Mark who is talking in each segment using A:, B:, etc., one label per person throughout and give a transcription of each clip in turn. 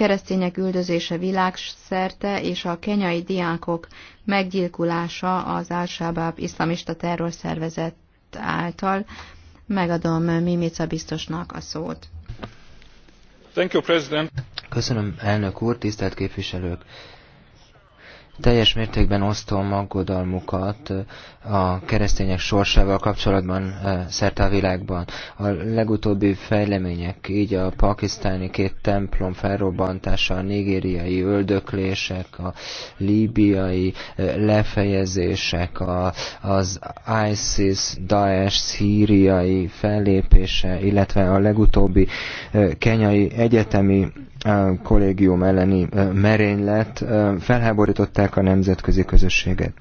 A: keresztények üldözése világszerte és a kenyai diákok meggyilkulása az Al-Shabaab iszlamista terrorszervezet által. Megadom Mimica biztosnak a szót.
B: Thank you, President.
C: Köszönöm, elnök úr, tisztelt képviselők! Teljes mértékben osztom aggodalmukat a keresztények sorsával kapcsolatban szerte a világban. A legutóbbi fejlemények, így a pakisztáni két templom felrobbantása, a nigériai öldöklések, a líbiai lefejezések, a, az ISIS, Daesh, szíriai fellépése, illetve a legutóbbi kenyai egyetemi kollégium elleni merénylet felháborították támogatják a nemzetközi közösséget.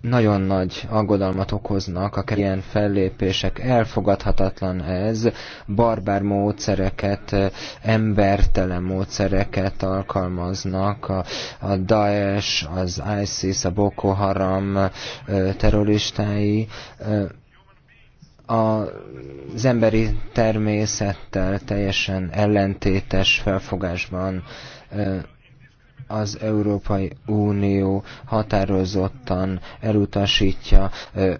C: Nagyon nagy aggodalmat okoznak a ilyen fellépések. Elfogadhatatlan ez. Barbár módszereket, embertelen módszereket alkalmaznak. A, a Daesh, az ISIS, a Boko Haram terroristái az emberi természettel teljesen ellentétes felfogásban az Európai Unió határozottan elutasítja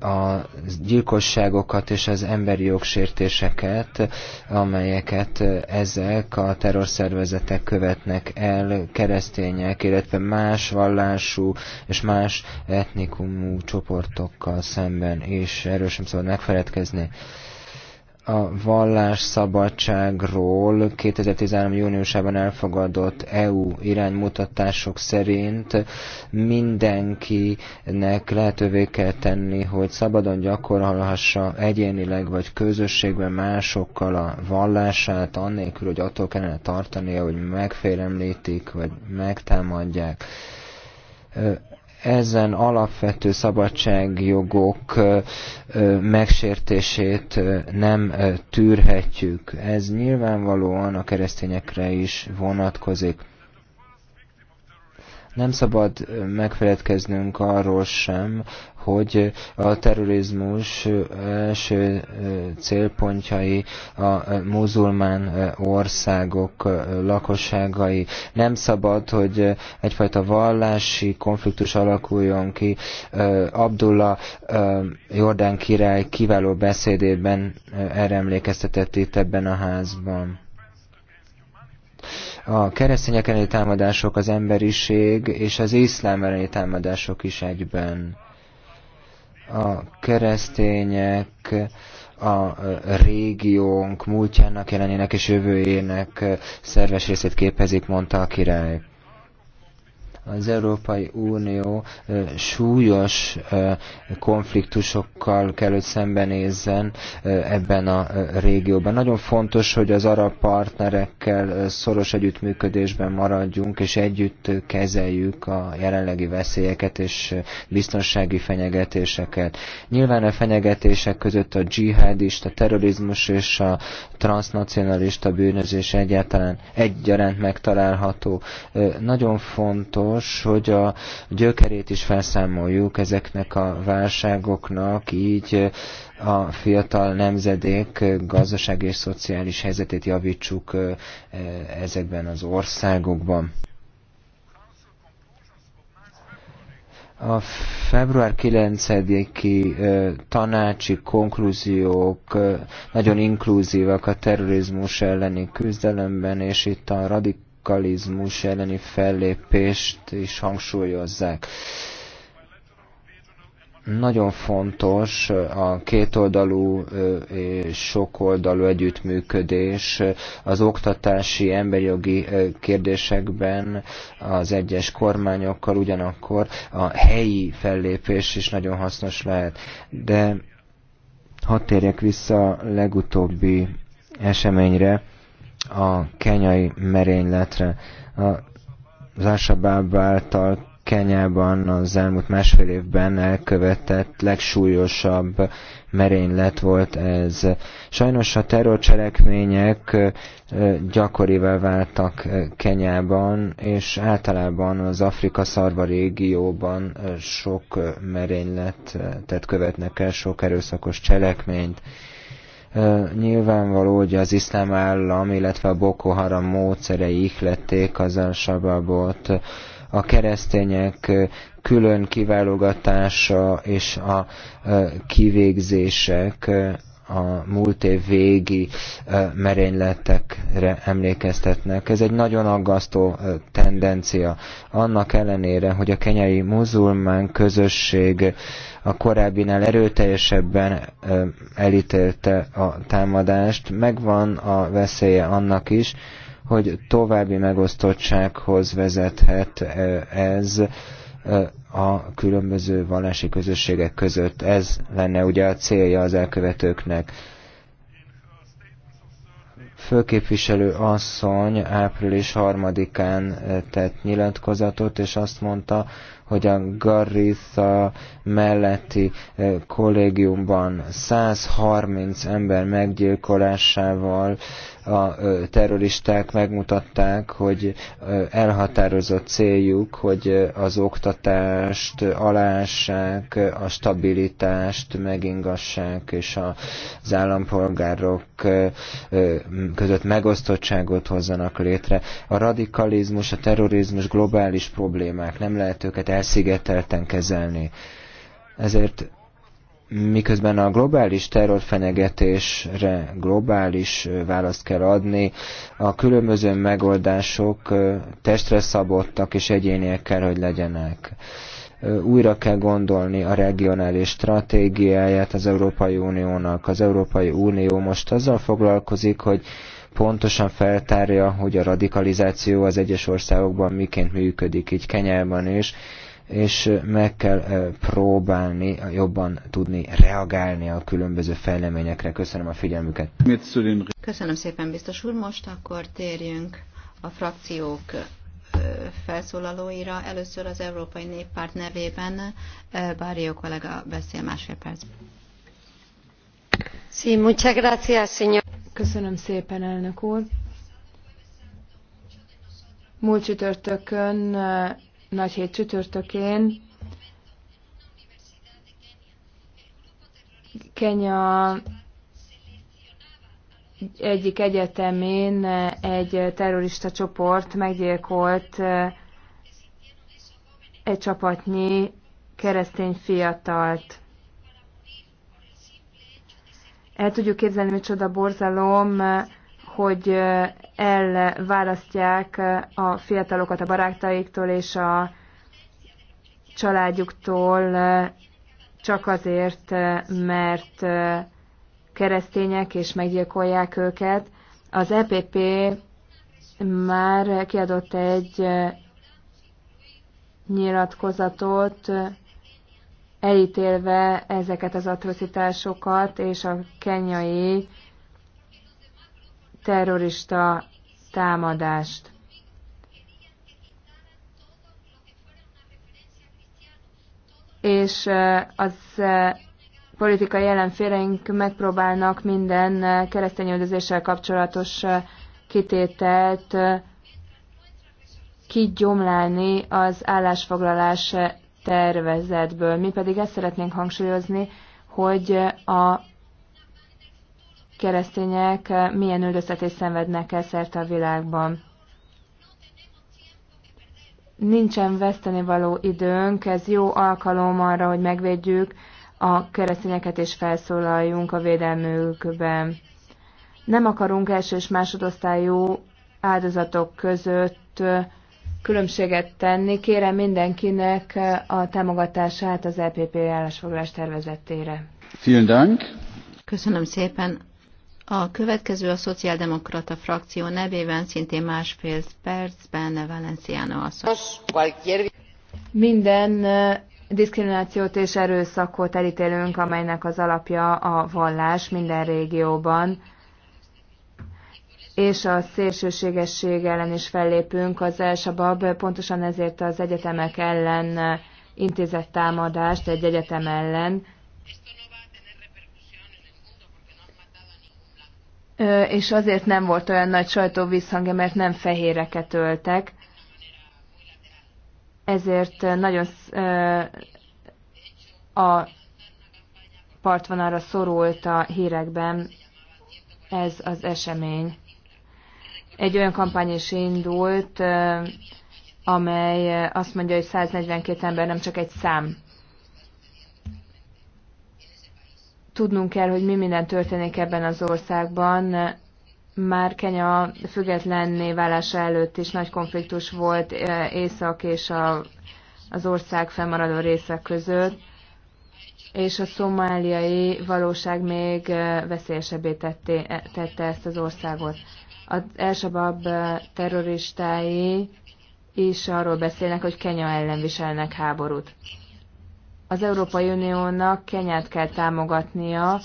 C: a gyilkosságokat és az emberi jogsértéseket, amelyeket ezek a terrorszervezetek követnek el, keresztények, illetve más vallású és más etnikumú csoportokkal szemben, és erről sem szabad megfeledkezni a vallásszabadságról 2013. júniusában elfogadott EU iránymutatások szerint mindenkinek lehetővé kell tenni, hogy szabadon gyakorolhassa egyénileg vagy közösségben másokkal a vallását, annélkül, hogy attól kellene tartania, hogy megfélemlítik vagy megtámadják ezen alapvető szabadságjogok megsértését nem tűrhetjük. Ez nyilvánvalóan a keresztényekre is vonatkozik. Nem szabad megfeledkeznünk arról sem, hogy a terrorizmus első célpontjai a muzulmán országok lakosságai. Nem szabad, hogy egyfajta vallási konfliktus alakuljon ki. Abdullah Jordán király kiváló beszédében erre emlékeztetett itt ebben a házban. A keresztények elleni támadások, az emberiség és az iszlám elleni támadások is egyben. A keresztények a régiónk múltjának, jelenének és jövőjének szerves részét képezik, mondta a király az Európai Unió súlyos konfliktusokkal kell, hogy szembenézzen ebben a régióban. Nagyon fontos, hogy az arab partnerekkel szoros együttműködésben maradjunk, és együtt kezeljük a jelenlegi veszélyeket és biztonsági fenyegetéseket. Nyilván a fenyegetések között a dzsihadista, terrorizmus és a transnacionalista bűnözés egyáltalán egyaránt megtalálható. Nagyon fontos, fontos, hogy a gyökerét is felszámoljuk ezeknek a válságoknak, így a fiatal nemzedék gazdasági és szociális helyzetét javítsuk ezekben az országokban. A február 9-i tanácsi konklúziók nagyon inkluzívak a terrorizmus elleni küzdelemben, és itt a radik radikalizmus elleni fellépést is hangsúlyozzák. Nagyon fontos a kétoldalú és sokoldalú együttműködés az oktatási, emberjogi kérdésekben az egyes kormányokkal, ugyanakkor a helyi fellépés is nagyon hasznos lehet. De hadd térjek vissza a legutóbbi eseményre, a kenyai merényletre. a Zásabáb által Kenyában az elmúlt másfél évben elkövetett legsúlyosabb merénylet volt ez. Sajnos a terrorcselekmények gyakorivá váltak Kenyában, és általában az Afrika szarva régióban sok merényletet követnek el, sok erőszakos cselekményt. Nyilvánvaló, hogy az iszlám állam, illetve a Boko Haram módszerei ihlették az al-Shabaabot. A keresztények külön kiválogatása és a kivégzések a múlt év végi merényletekre emlékeztetnek. Ez egy nagyon aggasztó tendencia. Annak ellenére, hogy a kenyai muzulmán közösség a korábbinál erőteljesebben elítélte a támadást, megvan a veszélye annak is, hogy további megosztottsághoz vezethet ez, a különböző vallási közösségek között. Ez lenne ugye a célja az elkövetőknek. Főképviselő asszony április 3-án eh, tett nyilatkozatot, és azt mondta, hogy a Garitha melletti eh, kollégiumban 130 ember meggyilkolásával a terroristák megmutatták, hogy elhatározott céljuk, hogy az oktatást alássák, a stabilitást megingassák, és az állampolgárok között megosztottságot hozzanak létre. A radikalizmus, a terrorizmus globális problémák, nem lehet őket elszigetelten kezelni. Ezért miközben a globális terrorfenyegetésre globális választ kell adni, a különböző megoldások testre szabottak és egyéniek kell, hogy legyenek. Újra kell gondolni a regionális stratégiáját az Európai Uniónak. Az Európai Unió most azzal foglalkozik, hogy pontosan feltárja, hogy a radikalizáció az egyes országokban miként működik, így Kenyában is, és meg kell próbálni jobban tudni reagálni a különböző fejleményekre. Köszönöm a figyelmüket.
A: Köszönöm szépen, biztos úr. Most akkor térjünk a frakciók felszólalóira. Először az Európai Néppárt nevében Bárió kollega beszél másfél percben. Sí,
D: muchas gracias, señor. Köszönöm szépen, elnök úr. Múlt csütörtökön nagy hét csütörtökén Kenya egyik egyetemén egy terrorista csoport meggyilkolt egy csapatnyi keresztény fiatalt. El tudjuk képzelni, micsoda borzalom hogy elválasztják a fiatalokat a barátaiktól és a családjuktól csak azért, mert keresztények és meggyilkolják őket. Az EPP már kiadott egy nyilatkozatot, elítélve ezeket az atrocitásokat, és a kenyai terrorista támadást. És eh, az eh, politikai ellenféleink megpróbálnak minden eh, keresztényüldözéssel kapcsolatos kitételt kigyomlálni az állásfoglalás tervezetből. Mi pedig ezt szeretnénk hangsúlyozni, hogy a keresztények eh, milyen üldöztetést szenvednek el szerte a világban. Nincsen vesztenivaló időnk, ez jó alkalom arra, hogy megvédjük a keresztényeket és felszólaljunk a védelmükben. Nem akarunk első és másodosztályú áldozatok között eh, különbséget tenni. Kérem mindenkinek
A: eh, a támogatását az EPP állásfoglalás tervezetére. Vielen Dank. Köszönöm szépen. A következő a szociáldemokrata frakció nevében szintén másfél percben Valenciano asszony.
D: Minden diszkriminációt és erőszakot elítélünk, amelynek az alapja a vallás minden régióban, és a szélsőségesség ellen is fellépünk. Az elsabab pontosan ezért az egyetemek ellen intézett támadást egy egyetem ellen, és azért nem volt olyan nagy sajtóvízhangja, mert nem fehéreket öltek. Ezért nagyon a partvonalra szorult a hírekben ez az esemény. Egy olyan kampány is indult, amely azt mondja, hogy 142 ember nem csak egy szám. Tudnunk kell, hogy mi minden történik ebben az országban. Már Kenya függetlenné válása előtt is nagy konfliktus volt eh, Észak és a, az ország fennmaradó részek között, és a szomáliai valóság még eh, veszélyesebbé tette, tette ezt az országot. Az elsabab eh, terroristái is arról beszélnek, hogy Kenya ellen viselnek háborút. Az Európai Uniónak Kenyát kell támogatnia,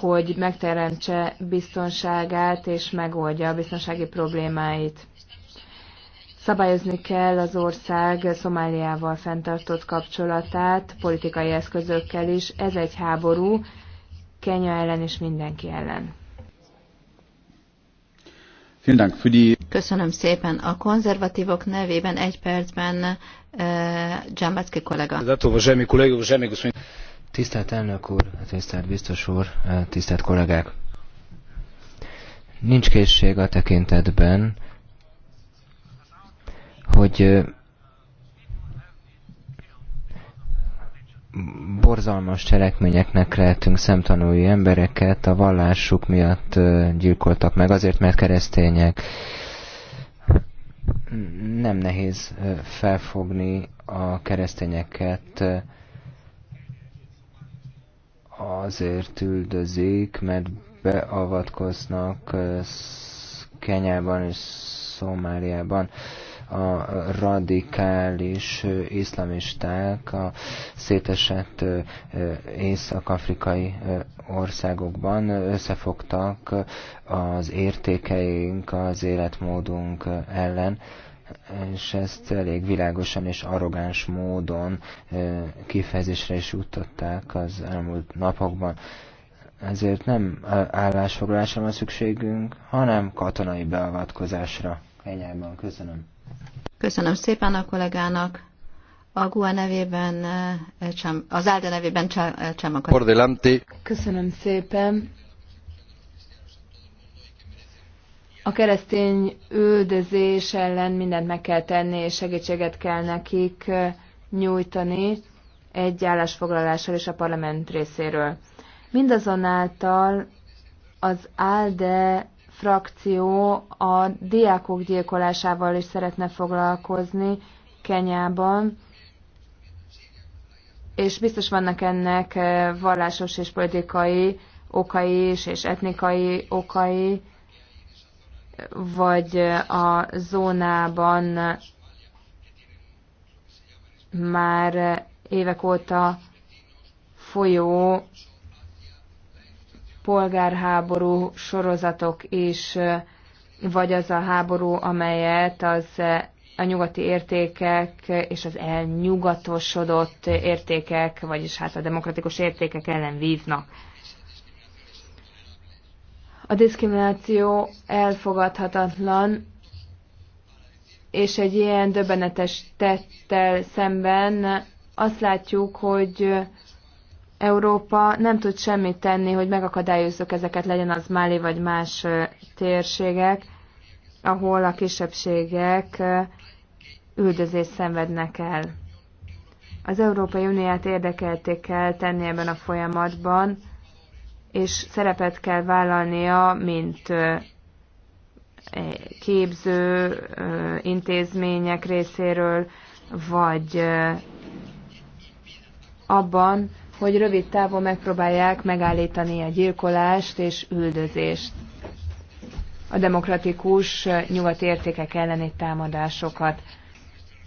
D: hogy megteremtse biztonságát és megoldja a biztonsági problémáit. Szabályozni kell az ország Szomáliával fenntartott kapcsolatát, politikai eszközökkel is. Ez egy háború,
A: Kenya ellen és mindenki ellen. Köszönöm szépen. A konzervatívok nevében egy percben eh, Dzsambacki kollega.
C: Tisztelt elnök úr, tisztelt biztos úr, eh, tisztelt kollégák! Nincs készség a tekintetben, hogy eh, borzalmas cselekményeknek lehetünk szemtanúi embereket, a vallásuk miatt gyilkoltak meg, azért, mert keresztények. Nem nehéz felfogni a keresztényeket, azért üldözik, mert beavatkoznak Kenyában és Szomáliában a radikális iszlamisták a szétesett észak-afrikai országokban összefogtak az értékeink, az életmódunk ellen, és ezt elég világosan és arrogáns módon kifejezésre is juttatták az elmúlt napokban. Ezért nem állásfoglalásra van szükségünk, hanem katonai beavatkozásra. Kenyában köszönöm.
A: Köszönöm szépen a kollégának. A GUA nevében, eh, eh, az ALDE nevében eh, Csem Köszönöm szépen. A keresztény
D: üldözés ellen mindent meg kell tenni, és segítséget kell nekik nyújtani egy állásfoglalással és a parlament részéről. Mindazonáltal az ALDE frakció a diákok gyilkolásával is szeretne foglalkozni Kenyában, és biztos vannak ennek eh, vallásos és politikai okai is, és etnikai okai, vagy eh, a zónában eh, már évek óta folyó polgárháború sorozatok is, vagy az a háború, amelyet az a nyugati értékek és az elnyugatosodott értékek, vagyis hát a demokratikus értékek ellen vívnak. A diszkrimináció elfogadhatatlan, és egy ilyen döbbenetes tettel szemben azt látjuk, hogy Európa nem tud semmit tenni, hogy megakadályozzuk ezeket, legyen az Máli vagy más térségek, ahol a kisebbségek üldözést szenvednek el. Az Európai Uniát érdekelték kell tenni ebben a folyamatban, és szerepet kell vállalnia, mint eh, képző intézmények részéről, vagy abban, hogy rövid távon megpróbálják megállítani a gyilkolást és üldözést, a demokratikus nyugati értékek elleni támadásokat.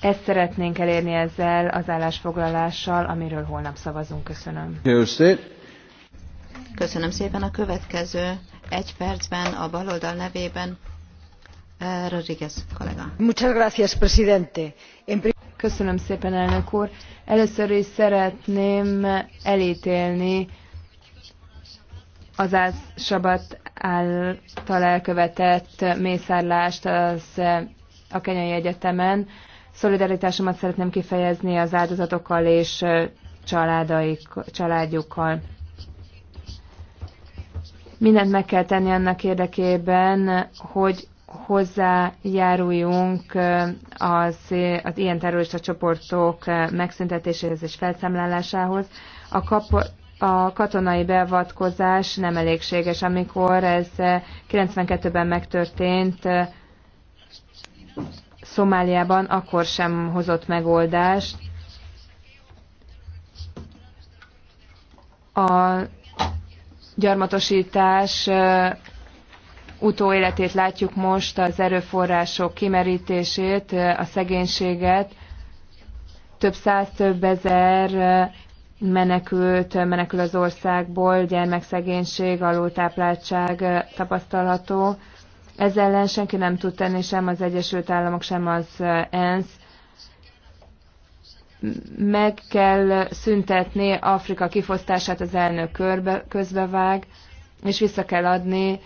D: Ezt szeretnénk elérni ezzel
A: az állásfoglalással, amiről holnap szavazunk. Köszönöm. Köszönöm szépen a következő egy percben a baloldal nevében. Eh, Rodríguez kollega.
D: Muchas gracias, presidente. Köszönöm szépen, elnök úr. Először is szeretném elítélni az Sabat által elkövetett mészárlást az, a Kenyai Egyetemen. Szolidaritásomat szeretném kifejezni az áldozatokkal és családaik, családjukkal. Mindent meg kell tenni annak érdekében, hogy hozzájáruljunk az, az ilyen terrorista csoportok megszüntetéséhez és felszámlálásához. A, kap, a katonai beavatkozás nem elégséges. Amikor ez 92-ben megtörtént Szomáliában, akkor sem hozott megoldást. A gyarmatosítás utóéletét látjuk most, az erőforrások kimerítését, a szegénységet. Több száz, több ezer menekült, menekül az országból, gyermekszegénység, alultápláltság tapasztalható. Ez ellen senki nem tud tenni, sem az Egyesült Államok, sem az ENSZ. Meg kell szüntetni Afrika kifosztását, az elnök körbe, közbevág, és vissza kell adni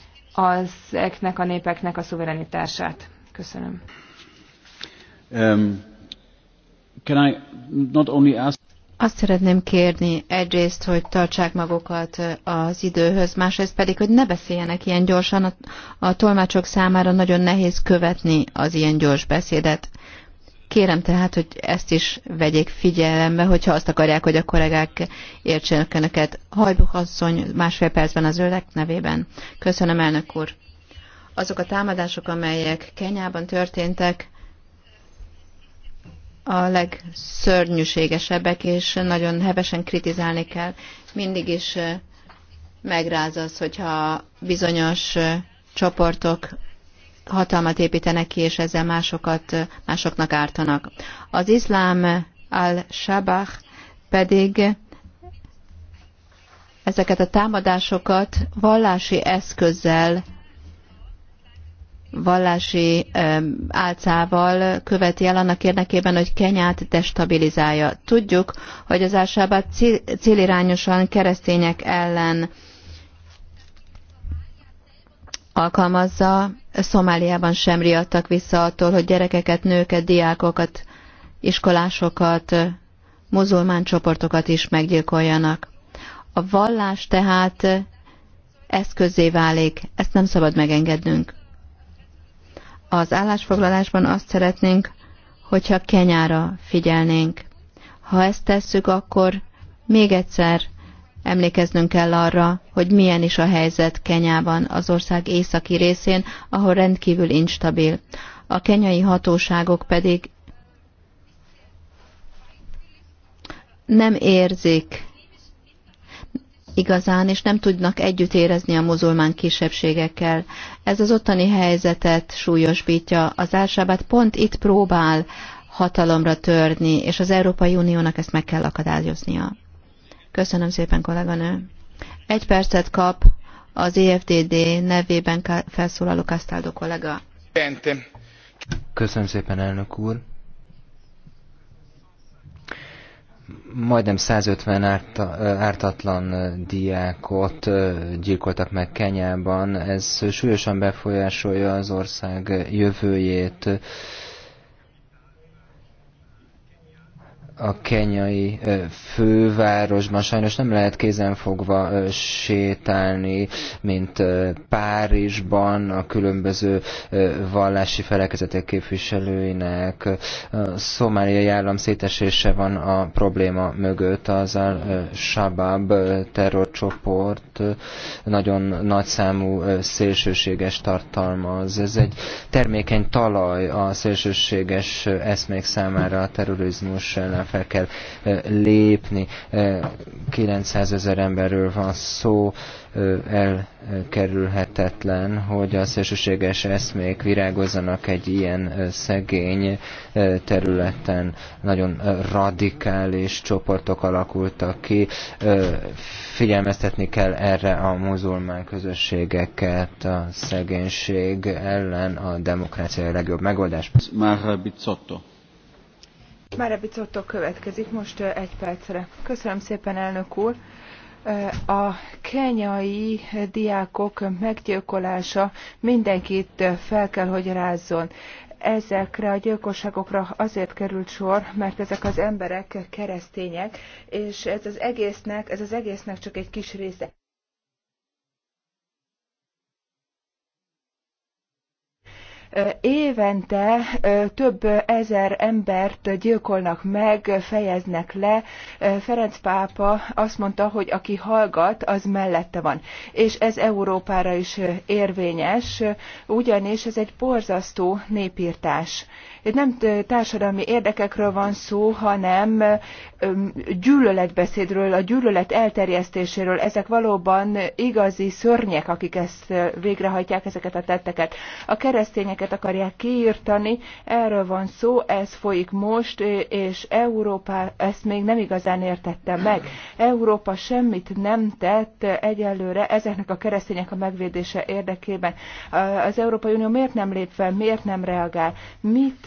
D: ezeknek a népeknek a szuverenitását.
A: Köszönöm.
B: Um, can I not only ask...
A: Azt szeretném kérni egyrészt, hogy tartsák magukat uh, az időhöz, másrészt pedig, hogy ne beszéljenek ilyen gyorsan. A, a tolmácsok számára nagyon nehéz követni az ilyen gyors beszédet. Kérem tehát, hogy ezt is vegyék figyelembe, hogyha azt akarják, hogy a kollégák értsenek önöket. Hajbuk asszony másfél percben az öldek nevében. Köszönöm, elnök úr. Azok a támadások, amelyek Kenyában történtek, a legszörnyűségesebbek, és nagyon hevesen kritizálni kell. Mindig is eh, megráz az, hogyha bizonyos eh, csoportok hatalmat építenek ki, és ezzel másokat, másoknak ártanak. Az iszlám al-Sabah pedig ezeket a támadásokat vallási eszközzel, vallási álcával követi el annak érdekében, hogy Kenyát destabilizálja. Tudjuk, hogy az Ásában célirányosan keresztények ellen alkalmazza. Szomáliában sem riadtak vissza attól, hogy gyerekeket, nőket, diákokat, iskolásokat, muzulmán csoportokat is meggyilkoljanak. A vallás tehát eszközé válik, ezt nem szabad megengednünk. Az állásfoglalásban azt szeretnénk, hogyha kenyára figyelnénk. Ha ezt tesszük, akkor még egyszer Emlékeznünk kell arra, hogy milyen is a helyzet Kenyában, az ország északi részén, ahol rendkívül instabil. A kenyai hatóságok pedig nem érzik igazán, és nem tudnak együtt érezni a muzulmán kisebbségekkel. Ez az ottani helyzetet súlyosbítja. Az Ásábát pont itt próbál hatalomra törni, és az Európai Uniónak ezt meg kell akadályoznia. Köszönöm szépen, kolléganő. Egy percet kap az EFDD nevében felszólaló Castaldo kollega.
C: Köszönöm szépen, elnök úr. majdnem 150 árt, ártatlan diákot gyilkoltak meg Kenyában. Ez súlyosan befolyásolja az ország jövőjét. a kenyai fővárosban sajnos nem lehet kézenfogva sétálni, mint Párizsban a különböző vallási felekezetek képviselőinek. A szomáliai állam szétesése van a probléma mögött. Az a Shabab terrorcsoport nagyon nagyszámú szélsőséges tartalmaz. Ez egy termékeny talaj a szélsőséges eszmék számára a terrorizmus ellen fel kell lépni. 900 ezer emberről van szó, elkerülhetetlen, hogy a szélsőséges eszmék virágozzanak egy ilyen szegény területen. Nagyon radikális csoportok alakultak ki. Figyelmeztetni kell erre a muzulmán közösségeket a szegénység ellen a demokrácia a legjobb megoldás. Már Bizzotto.
E: Már Bicotto következik most egy percre. Köszönöm szépen, elnök úr. A kenyai diákok meggyilkolása mindenkit fel kell, hogy rázzon ezekre a gyilkosságokra azért került sor, mert ezek az emberek keresztények, és ez az egésznek, ez az egésznek csak egy kis része. Évente több ezer embert gyilkolnak meg, fejeznek le. Ferenc pápa azt mondta, hogy aki hallgat, az mellette van. És ez Európára is érvényes, ugyanis ez egy borzasztó népírtás itt nem társadalmi érdekekről van szó, hanem gyűlöletbeszédről, a gyűlölet elterjesztéséről. Ezek valóban igazi szörnyek, akik ezt végrehajtják, ezeket a tetteket. A keresztényeket akarják kiirtani. erről van szó, ez folyik most, és Európa ezt még nem igazán értette meg. Európa semmit nem tett egyelőre ezeknek a keresztények a megvédése érdekében. Az Európai Unió miért nem lép fel, miért nem reagál? Mit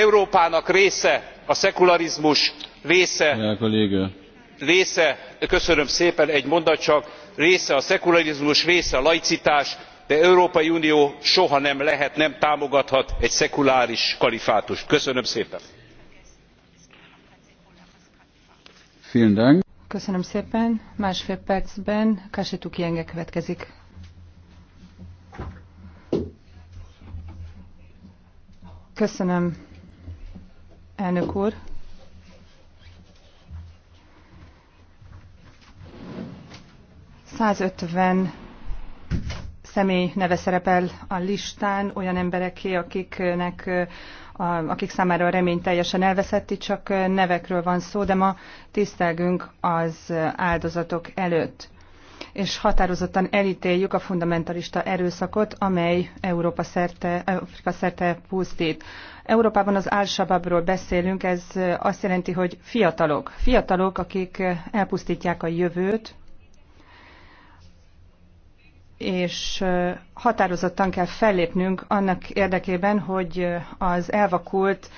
B: európának része a szekularizmus része köszönöm szépen egy mondat csak része a szekularizmus része a laicitás de európai unió soha nem lehet nem támogathat egy szekuláris kalifátust. köszönöm szépen!
F: Köszönöm szépen. Másfél percben Kasetu Kienge következik. Köszönöm, elnök úr! százötven személy neve szerepel a listán olyan embereké, akiknek akik számára a remény teljesen elveszett, itt csak nevekről van szó, de ma tisztelgünk az áldozatok előtt és határozottan elítéljük a fundamentalista erőszakot, amely Európa szerte, Afrika szerte pusztít. Európában az álsababról beszélünk, ez azt jelenti, hogy fiatalok. Fiatalok, akik elpusztítják a jövőt, és határozottan kell fellépnünk annak érdekében, hogy az elvakult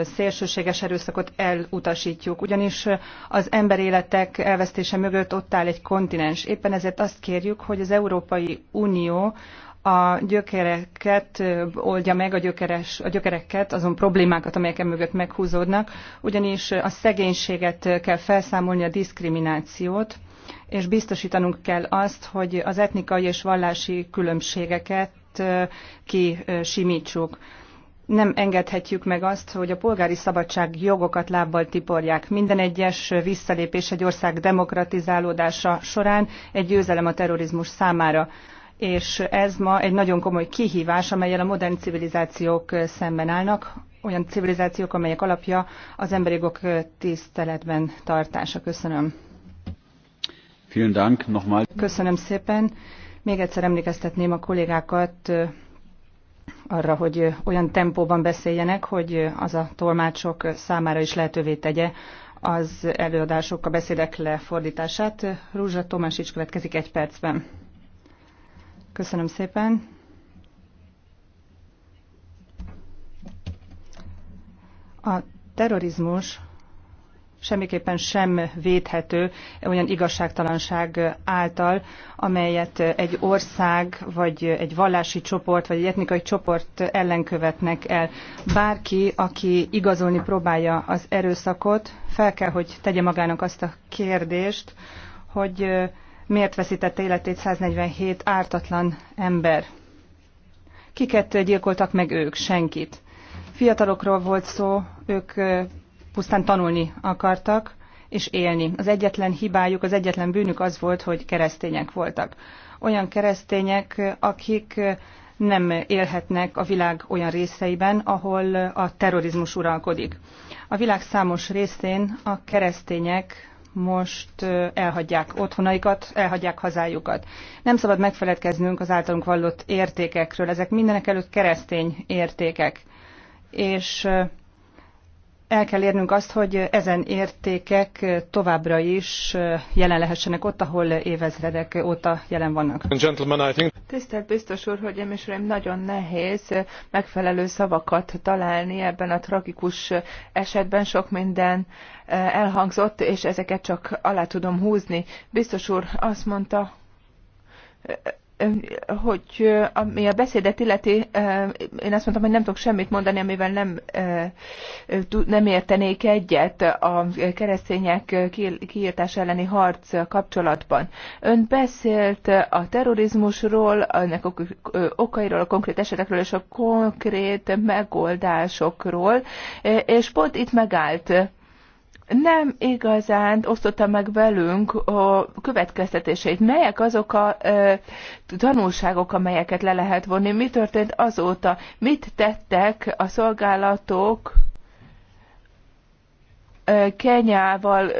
F: szélsőséges erőszakot elutasítjuk. Ugyanis az emberéletek elvesztése mögött ott áll egy kontinens. Éppen ezért azt kérjük, hogy az Európai Unió a gyökereket oldja meg, a, gyökeres, a gyökereket, azon problémákat, amelyek mögött meghúzódnak, ugyanis a szegénységet kell felszámolni, a diszkriminációt, és biztosítanunk kell azt, hogy az etnikai és vallási különbségeket kisimítsuk. Nem engedhetjük meg azt, hogy a polgári szabadság jogokat lábbal tiporják. Minden egyes visszalépés egy ország demokratizálódása során egy győzelem a terrorizmus számára és ez ma egy nagyon komoly kihívás, amelyel a modern civilizációk szemben állnak, olyan civilizációk, amelyek alapja az emberi jogok tiszteletben tartása. Köszönöm.
C: Dank nochmal.
F: Köszönöm szépen. Még egyszer emlékeztetném a kollégákat arra, hogy olyan tempóban beszéljenek, hogy az a tolmácsok számára is lehetővé tegye az előadások, a beszédek lefordítását. Rúzsa Tomásics következik egy percben. Köszönöm szépen. A terrorizmus semmiképpen sem védhető olyan igazságtalanság által, amelyet egy ország, vagy egy vallási csoport, vagy egy etnikai csoport ellen követnek el. Bárki, aki igazolni próbálja az erőszakot, fel kell, hogy tegye magának azt a kérdést, hogy miért veszítette életét 147 ártatlan ember. Kiket gyilkoltak meg ők? Senkit. Fiatalokról volt szó, ők pusztán tanulni akartak, és élni. Az egyetlen hibájuk, az egyetlen bűnük az volt, hogy keresztények voltak. Olyan keresztények, akik nem élhetnek a világ olyan részeiben, ahol a terrorizmus uralkodik. A világ számos részén a keresztények most elhagyják otthonaikat, elhagyják hazájukat. Nem szabad megfeledkeznünk az általunk vallott értékekről. Ezek mindenek előtt keresztény értékek. És el kell érnünk azt, hogy ezen értékek továbbra is jelen lehessenek ott, ahol évezredek óta jelen
B: vannak.
E: Tisztelt biztos úr, hogy és nagyon nehéz megfelelő szavakat találni ebben a tragikus esetben. Sok minden eh, elhangzott, és ezeket csak alá tudom húzni. Biztos úr azt mondta, hogy ami a beszédet illeti, én azt mondtam, hogy nem tudok semmit mondani, amivel nem, nem értenék egyet a keresztények kiírtás elleni harc kapcsolatban. Ön beszélt a terrorizmusról, ennek okairól, a konkrét esetekről és a konkrét megoldásokról, és pont itt megállt nem igazán osztotta meg velünk a következtetéseit. Melyek azok a e, tanulságok, amelyeket le lehet vonni? Mi történt azóta? Mit tettek a szolgálatok e, Kenyával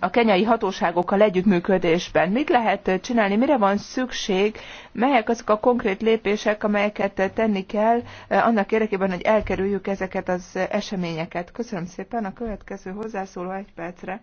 E: a kenyai hatóságokkal együttműködésben. Mit lehet csinálni, mire van szükség, melyek azok a konkrét lépések, amelyeket tenni kell eh, annak érdekében, hogy elkerüljük ezeket az eseményeket. Köszönöm szépen, a következő hozzászóló egy percre.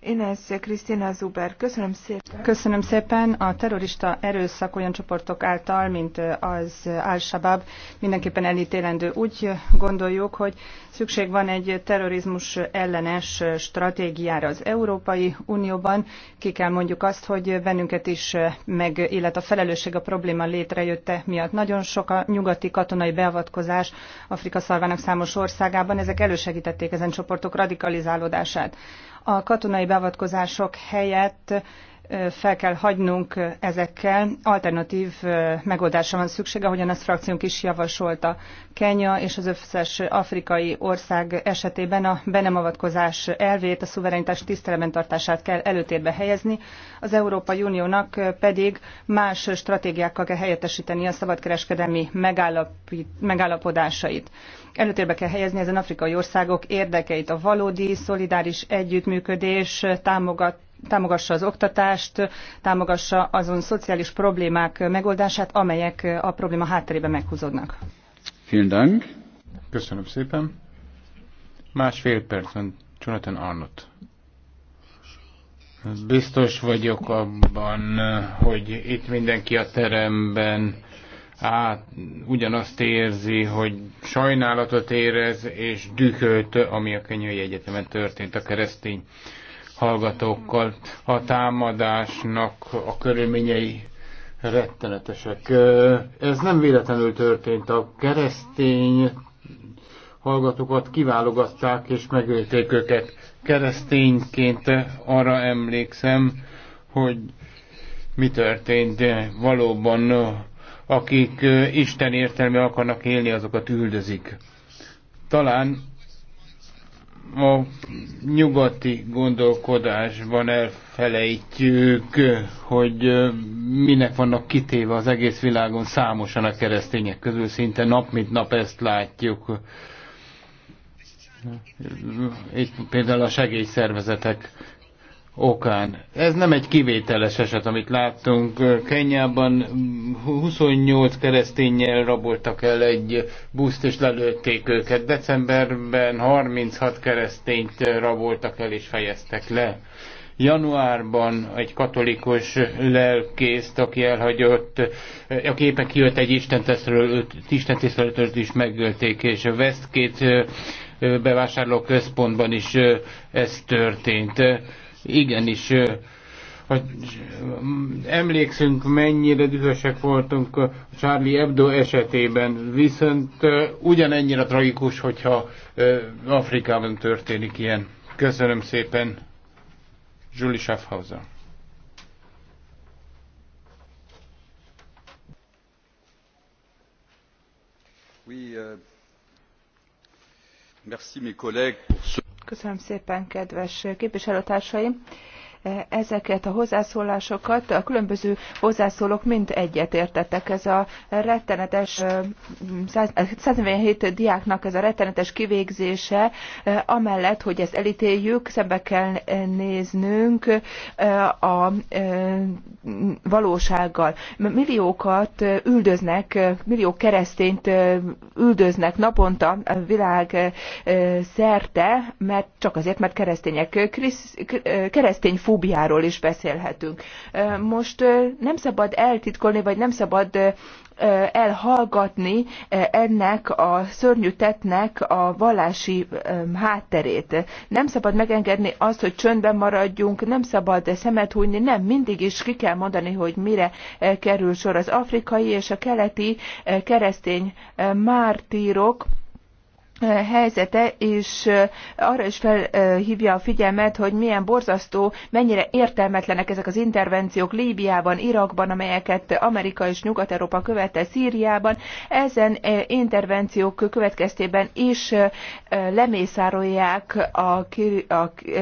E: Ines Krisztina Zuber, köszönöm szépen. Köszönöm
F: szépen. A terrorista erőszak olyan csoportok által, mint az Al-Shabaab mindenképpen elítélendő. Úgy gondoljuk, hogy szükség van egy terrorizmus ellenes stratégiára az Európai Unióban. Ki kell mondjuk azt, hogy bennünket is meg, illetve a felelősség a probléma létrejötte miatt. Nagyon sok a nyugati katonai beavatkozás Afrika szarvának számos országában. Ezek elősegítették ezen csoportok radikalizálódását a katonai beavatkozások helyett fel kell hagynunk ezekkel. Alternatív megoldásra van szüksége, ahogyan ezt frakciónk is javasolta. Kenya és az összes afrikai ország esetében a benemavatkozás elvét, a szuverenitás tiszteleben tartását kell előtérbe helyezni, az Európai Uniónak pedig más stratégiákkal kell helyettesíteni a szabadkereskedelmi megállapodásait. Előtérbe kell helyezni ezen afrikai országok érdekeit, a valódi, szolidáris együttműködés, támogat, támogassa az oktatást, támogassa azon szociális problémák megoldását, amelyek a probléma hátterében meghúzódnak.
G: Vielen Dank. Köszönöm szépen. Másfél percen Jonathan Arnott. Biztos vagyok abban, hogy itt mindenki a teremben át, ugyanazt érzi, hogy sajnálatot érez, és dühöt, ami a Kenyői Egyetemen történt a keresztény hallgatókkal. A támadásnak a körülményei rettenetesek. Ez nem véletlenül történt. A keresztény hallgatókat kiválogatták és megölték őket. Keresztényként arra emlékszem, hogy mi történt valóban, akik Isten értelme akarnak élni, azokat üldözik. Talán a nyugati gondolkodásban elfelejtjük, hogy minek vannak kitéve az egész világon számosan a keresztények közül, szinte nap mint nap ezt látjuk. Itt például a segélyszervezetek okán. Ez nem egy kivételes eset, amit láttunk. Kenyában 28 keresztényel raboltak el egy buszt, és lelőtték őket. Decemberben 36 keresztényt raboltak el, és fejeztek le. Januárban egy katolikus lelkészt, aki elhagyott, aki éppen kijött egy istentiszteletről, is megölték, és a bevásárló központban is ez történt igenis hogy emlékszünk, mennyire dühösek voltunk a Charlie Hebdo esetében, viszont ugyanennyire tragikus, hogyha Afrikában történik ilyen. Köszönöm szépen, Julie Schaffhauser.
B: Oui, euh, merci mes collègues pour ce
E: Köszönöm szépen, kedves képviselőtársaim! ezeket a hozzászólásokat, a különböző hozzászólók mind egyetértettek. Ez a rettenetes 147 diáknak ez a rettenetes kivégzése, amellett, hogy ezt elítéljük, szembe kell néznünk a valósággal. Milliókat üldöznek, millió keresztényt üldöznek naponta a világ szerte, mert csak azért, mert keresztények. Krisz, keresztény fú fóbiáról is beszélhetünk. Most nem szabad eltitkolni, vagy nem szabad elhallgatni ennek a szörnyű tettnek a vallási hátterét. Nem szabad megengedni azt, hogy csöndben maradjunk, nem szabad szemet hújni, nem, mindig is ki kell mondani, hogy mire kerül sor az afrikai és a keleti keresztény mártírok, helyzete, és arra is felhívja a figyelmet, hogy milyen borzasztó, mennyire értelmetlenek ezek az intervenciók Líbiában, Irakban, amelyeket Amerika és Nyugat-Európa követte Szíriában. Ezen intervenciók következtében is lemészárolják a,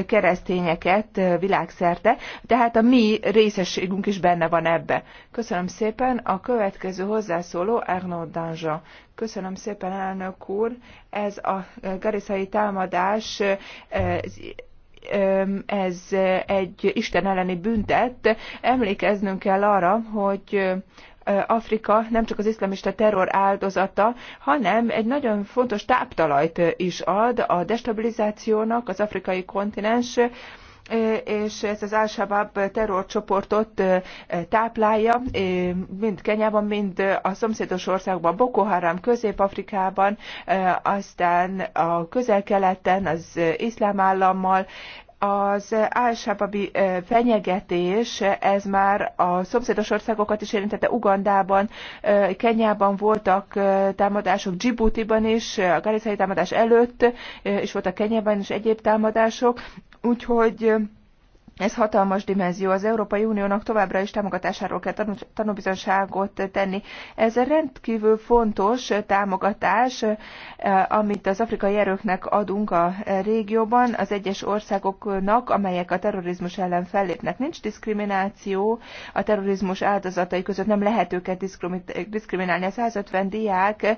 E: keresztényeket világszerte, tehát a mi részességünk is benne van ebbe. Köszönöm szépen. A következő hozzászóló Arnaud Danja Köszönöm szépen, elnök úr. Ez a eh, garisai támadás eh, ez eh, ez egy Isten elleni büntet. Emlékeznünk kell arra, hogy Afrika nem csak az iszlamista terror áldozata, hanem egy nagyon fontos táptalajt is ad a destabilizációnak az afrikai kontinens és ez az Al-Shabaab terrorcsoportot táplálja, mind Kenyában, mind a szomszédos országban, Boko Haram, Közép-Afrikában, aztán a közel-keleten, az iszlám állammal, az álsábabi fenyegetés, ez már a szomszédos országokat is érintette, Ugandában, Kenyában voltak támadások, Djibouti-ban is, a Garizai támadás előtt és voltak Kenyában is egyéb támadások, Úgyhogy ez hatalmas dimenzió. Az Európai Uniónak továbbra is támogatásáról kell tanúbizonságot tenni. Ez egy rendkívül fontos támogatás, eh, amit az afrikai erőknek adunk a régióban, az egyes országoknak, amelyek a terrorizmus ellen fellépnek. Nincs diszkrimináció a terrorizmus áldozatai között, nem lehet őket diszkriminálni. A 150 diák eh,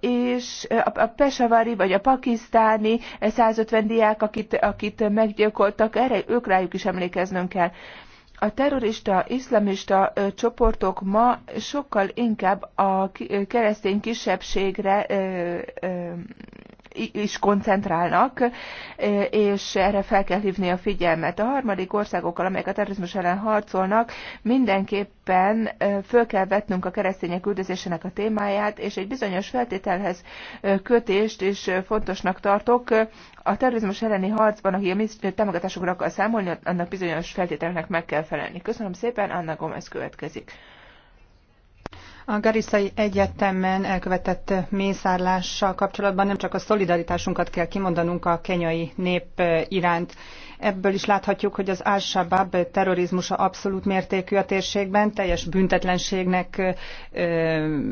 E: és a pesavari vagy a pakisztáni 150 diák, akit, akit meggyilkoltak, erre ők rájuk rájuk is emlékeznünk kell. A terrorista, iszlamista csoportok ma sokkal inkább a keresztény kisebbségre is koncentrálnak, e, és erre fel kell hívni a figyelmet. A harmadik országokkal, amelyek a terrorizmus ellen harcolnak, mindenképpen e, föl kell vetnünk a keresztények üldözésének a témáját, és egy bizonyos feltételhez e, kötést is fontosnak tartok. A terrorizmus elleni harcban, aki a támogatásokra akar számolni, annak bizonyos feltételnek meg kell felelni. Köszönöm szépen, Anna Gomez következik.
F: A Garissai Egyetemen elkövetett mészárlással kapcsolatban nem csak a szolidaritásunkat kell kimondanunk a kenyai nép iránt. Ebből is láthatjuk, hogy az Al-Shabaab terrorizmusa abszolút mértékű a térségben, teljes büntetlenségnek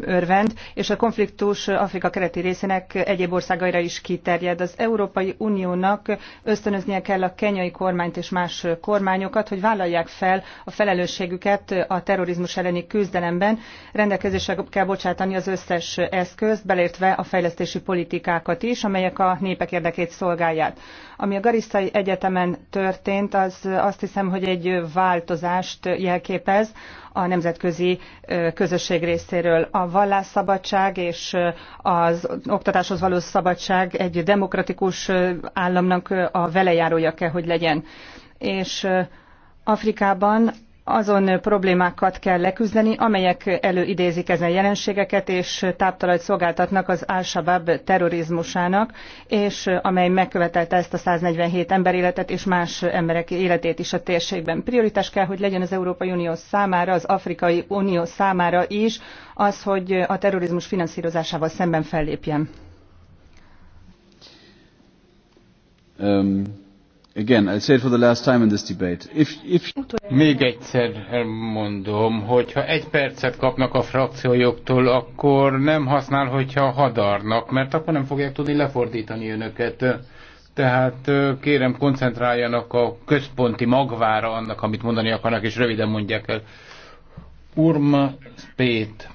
F: örvend, és a konfliktus Afrika kereti részének egyéb országaira is kiterjed. Az Európai Uniónak ösztönöznie kell a kenyai kormányt és más kormányokat, hogy vállalják fel a felelősségüket a terrorizmus elleni küzdelemben, rendelkezésre rendelkezésre kell bocsátani az összes eszközt, beleértve a fejlesztési politikákat is, amelyek a népek érdekét szolgálják. Ami a Garisztai Egyetemen történt, az azt hiszem, hogy egy változást jelképez a nemzetközi közösség részéről. A vallásszabadság és az oktatáshoz való szabadság egy demokratikus államnak a velejárója kell, hogy legyen. És Afrikában azon problémákat kell leküzdeni, amelyek előidézik ezen jelenségeket, és táptalajt szolgáltatnak az Al-Shabaab terrorizmusának, és amely megkövetelte ezt a 147 ember életet és más emberek életét is a térségben. Prioritás kell, hogy legyen az Európai Unió számára, az Afrikai Unió számára is az, hogy a terrorizmus finanszírozásával szemben fellépjen.
B: Um. Again, I for the last time in this debate. If, if... Még egyszer
G: elmondom, hogyha egy percet kapnak a frakciójoktól, akkor nem használ, hogyha hadarnak, mert akkor nem fogják tudni lefordítani önöket. Tehát kérem, koncentráljanak a központi magvára annak, amit mondani akarnak, és röviden mondják el. Urma Spét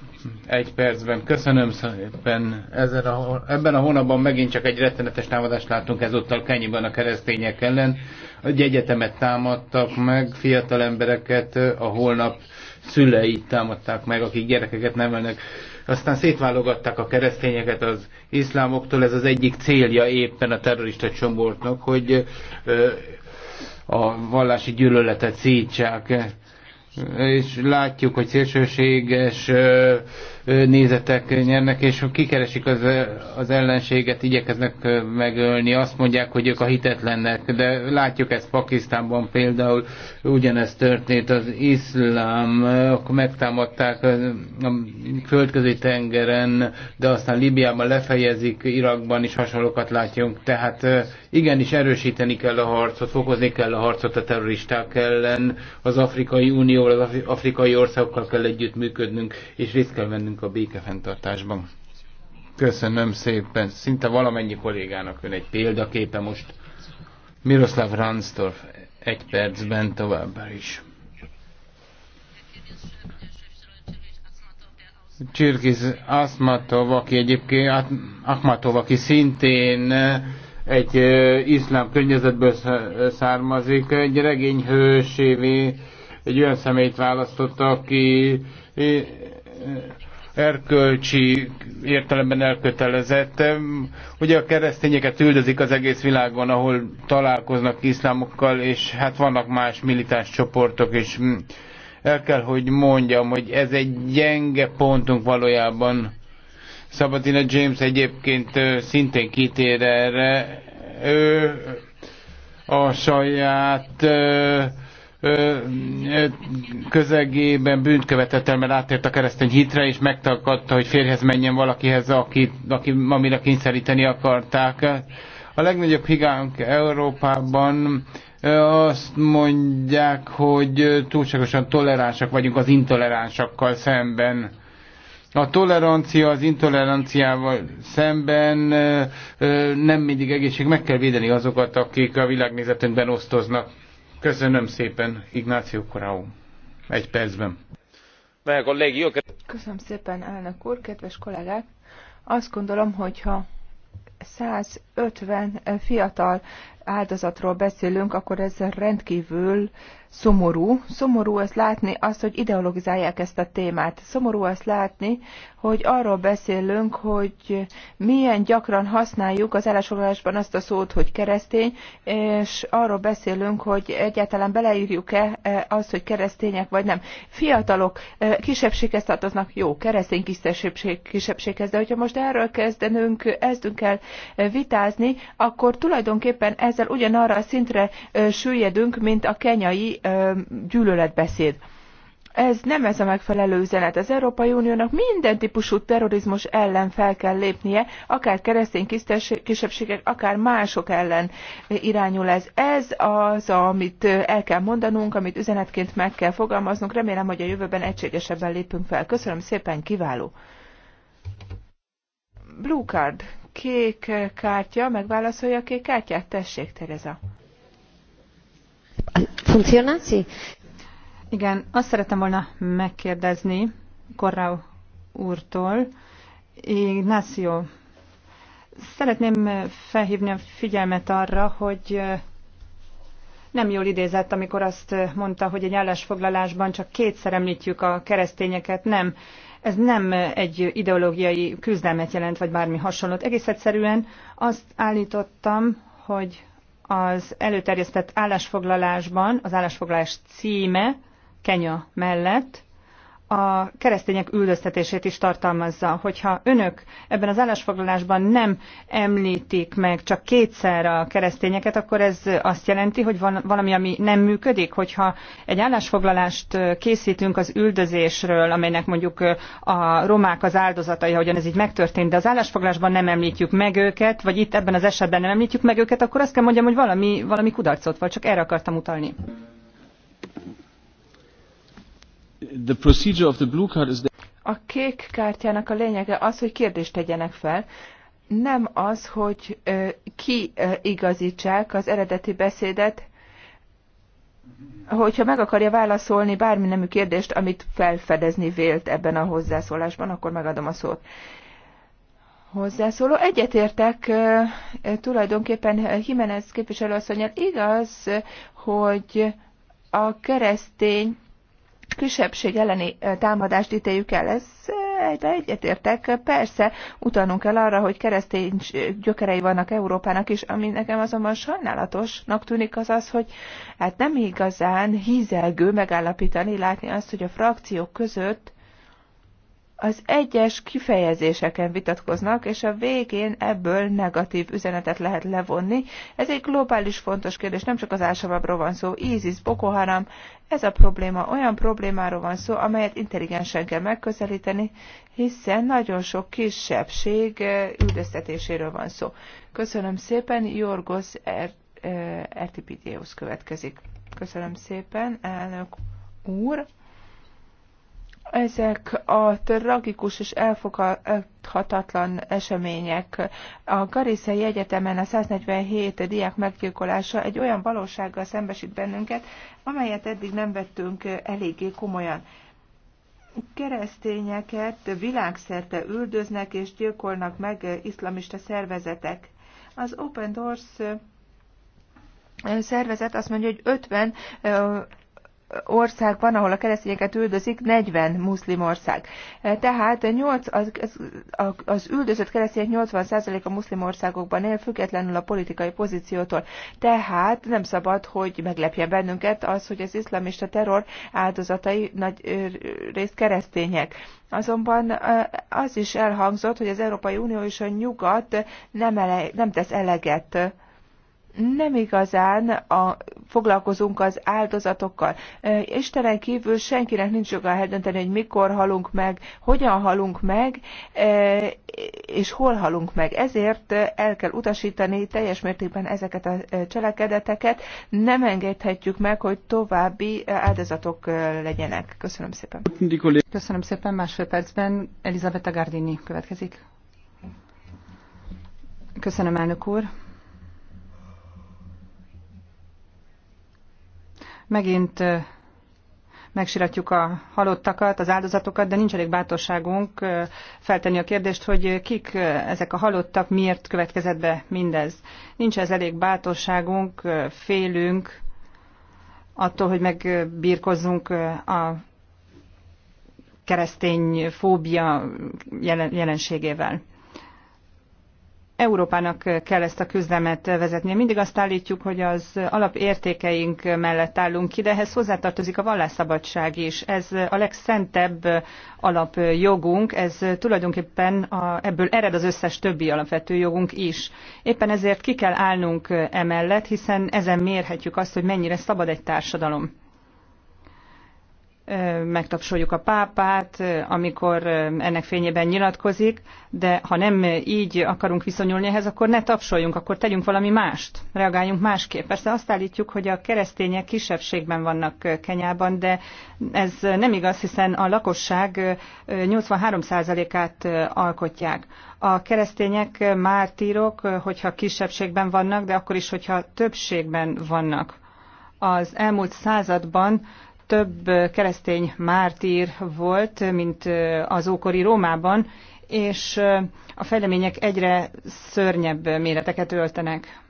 G: egy percben. Köszönöm szépen. Ezen a, ebben a hónapban megint csak egy rettenetes támadást látunk ezúttal Kenyiben a keresztények ellen. Egy egyetemet támadtak meg, fiatal embereket a holnap szüleit támadták meg, akik gyerekeket nevelnek. Aztán szétválogatták a keresztényeket az iszlámoktól. Ez az egyik célja éppen a terrorista csoportnak, hogy a vallási gyűlöletet szítsák és látjuk, hogy szélsőséges nézetek nyernek, és kikeresik az, az ellenséget, igyekeznek megölni, azt mondják, hogy ők a hitetlennek, de látjuk ezt Pakisztánban például, ugyanezt történt, az iszlám, megtámadták a földközi tengeren, de aztán Libiában lefejezik, Irakban is hasonlókat látjunk, tehát igenis erősíteni kell a harcot, fokozni kell a harcot a terroristák ellen, az Afrikai Unió Unióval, az afrikai országokkal kell együtt működnünk és részt kell vennünk a békefenntartásban. Köszönöm szépen. Szinte valamennyi kollégának ön egy példaképe most. Miroslav Ransdorf egy percben továbbá is. Csirkiz Asmatov, aki egyébként Akmatov, aki szintén eh, egy eh, iszlám környezetből származik, egy regényhősévé egy olyan szemét választotta, aki erkölcsi értelemben elkötelezett. Ugye a keresztényeket üldözik az egész világon, ahol találkoznak iszlámokkal, és hát vannak más militáns csoportok is. El kell, hogy mondjam, hogy ez egy gyenge pontunk valójában. Szabadina James egyébként szintén kitér erre. Ő a saját közegében bűnt követett el, mert átért a keresztény hitre, és megtakadta, hogy férhez menjen valakihez, aki, aki, amire kényszeríteni akarták. A legnagyobb higánk Európában azt mondják, hogy túlságosan toleránsak vagyunk az intoleránsakkal szemben. A tolerancia az intoleranciával szemben nem mindig egészség, meg kell védeni azokat, akik a világnézetünkben osztoznak. Köszönöm szépen, Ignáció Korau. Egy percben.
E: Köszönöm szépen, elnök úr, kedves kollégák! Azt gondolom, hogyha 150 fiatal áldozatról beszélünk, akkor ez rendkívül szomorú. Szomorú azt látni, azt, hogy ideologizálják ezt a témát. Szomorú azt látni, hogy arról beszélünk, hogy milyen gyakran használjuk az állásfoglalásban azt a szót, hogy keresztény, és arról beszélünk, hogy egyáltalán beleírjuk-e e, azt, hogy keresztények vagy nem. Fiatalok e, kisebbséghez tartoznak, jó, keresztény kisebbség, kisebbséghez, de hogyha most erről kezdenünk, ezdünk el vitázni, akkor tulajdonképpen ez ezzel ugyanarra a szintre süllyedünk, mint a kenyai gyűlöletbeszéd. Ez nem ez a megfelelő üzenet. Az Európai Uniónak minden típusú terrorizmus ellen fel kell lépnie, akár keresztény kisebbségek, akár mások ellen irányul ez. Ez az, amit el kell mondanunk, amit üzenetként meg kell fogalmaznunk. Remélem, hogy a jövőben egységesebben lépünk fel. Köszönöm szépen, kiváló! Blue card kék kártya, megválaszolja a kék kártyát? Tessék, Tereza.
F: Funciona? Igen, azt szerettem volna megkérdezni Korrau úrtól. Ignacio, szeretném felhívni a figyelmet arra, hogy nem jól idézett, amikor azt mondta, hogy egy állásfoglalásban csak kétszer említjük a keresztényeket. Nem, ez nem egy ideológiai küzdelmet jelent, vagy bármi hasonlót. Egész egyszerűen azt állítottam, hogy az előterjesztett állásfoglalásban, az állásfoglalás címe Kenya mellett a keresztények üldöztetését is tartalmazza. Hogyha önök ebben az állásfoglalásban nem említik meg csak kétszer a keresztényeket, akkor ez azt jelenti, hogy van valami, ami nem működik. Hogyha egy állásfoglalást készítünk az üldözésről, amelynek mondjuk a romák az áldozatai, ahogyan ez így megtörtént, de az állásfoglalásban nem említjük meg őket, vagy itt ebben az esetben nem említjük meg őket, akkor azt kell mondjam, hogy valami, valami
E: kudarcot volt, csak erre akartam utalni.
B: The procedure of the blue card is
E: a kék kártyának a lényege az, hogy kérdést tegyenek fel, nem az, hogy uh, ki uh, igazítsák az eredeti beszédet, hogyha meg akarja válaszolni bármi nemű kérdést, amit felfedezni vélt ebben a hozzászólásban, akkor megadom a szót. Hozzászóló. Egyetértek tulajdonképpen Jimenez képviselőasszonyjal. Igaz, hogy a keresztény kisebbség elleni támadást ítéljük el. Ez egyetértek, persze utalnunk kell arra, hogy keresztény gyökerei vannak Európának is, ami nekem azonban sajnálatosnak tűnik az az, hogy hát nem igazán hízelgő megállapítani, látni azt, hogy a frakciók között az egyes kifejezéseken vitatkoznak, és a végén ebből negatív üzenetet lehet levonni. Ez egy globális fontos kérdés, nem csak az Ásababról van szó, ISIS, Boko Haram, ez a probléma, olyan problémáról van szó, amelyet intelligensen kell megközelíteni, hiszen nagyon sok kisebbség eh, üldöztetéséről van szó. Köszönöm szépen, Jorgos er- eh, következik. Köszönöm szépen, elnök úr ezek a tragikus és elfoghatatlan események. A Karisai Egyetemen a 147 diák meggyilkolása egy olyan valósággal szembesít bennünket, amelyet eddig nem vettünk eléggé komolyan. Keresztényeket világszerte üldöznek és gyilkolnak meg iszlamista szervezetek. Az Open Doors szervezet azt mondja, hogy 50 országban, ahol a keresztényeket üldözik, 40 muszlim ország. E, tehát 8, az, az, az üldözött keresztények 80% a muszlim országokban él, függetlenül a politikai pozíciótól. Tehát nem szabad, hogy meglepje bennünket az, hogy az iszlamista terror áldozatai nagy részt keresztények. Azonban az is elhangzott, hogy az Európai Unió és a nyugat nem, ele, nem tesz eleget nem igazán a, foglalkozunk az áldozatokkal. Istenen kívül senkinek nincs joga eldönteni, hogy mikor halunk meg, hogyan halunk meg, és hol halunk meg. Ezért el kell utasítani teljes mértékben ezeket a cselekedeteket. Nem engedhetjük meg, hogy további áldozatok legyenek. Köszönöm szépen. Köszönöm szépen. Másfél percben Elizabeth Gardini következik.
F: Köszönöm, elnök úr. Megint megsiratjuk a halottakat, az áldozatokat, de nincs elég bátorságunk feltenni a kérdést, hogy kik ezek a halottak, miért következett be mindez. Nincs ez elég bátorságunk, félünk attól, hogy megbírkozzunk a keresztény fóbia jelenségével. Európának kell ezt a küzdelmet vezetnie. Mindig azt állítjuk, hogy az alapértékeink mellett állunk ki, de ehhez hozzátartozik a vallásszabadság is. Ez a legszentebb alapjogunk, ez tulajdonképpen a, ebből ered az összes többi alapvető jogunk is. Éppen ezért ki kell állnunk emellett, hiszen ezen mérhetjük azt, hogy mennyire szabad egy társadalom megtapsoljuk a pápát, amikor ennek fényében nyilatkozik, de ha nem így akarunk viszonyulni ehhez, akkor ne tapsoljunk, akkor tegyünk valami mást, reagáljunk másképp. Persze azt állítjuk, hogy a keresztények kisebbségben vannak Kenyában, de ez nem igaz, hiszen a lakosság 83%-át alkotják. A keresztények mártírok, hogyha kisebbségben vannak, de akkor is, hogyha többségben vannak. Az elmúlt században több keresztény mártír volt, mint az ókori Rómában, és a fejlemények egyre szörnyebb méreteket öltenek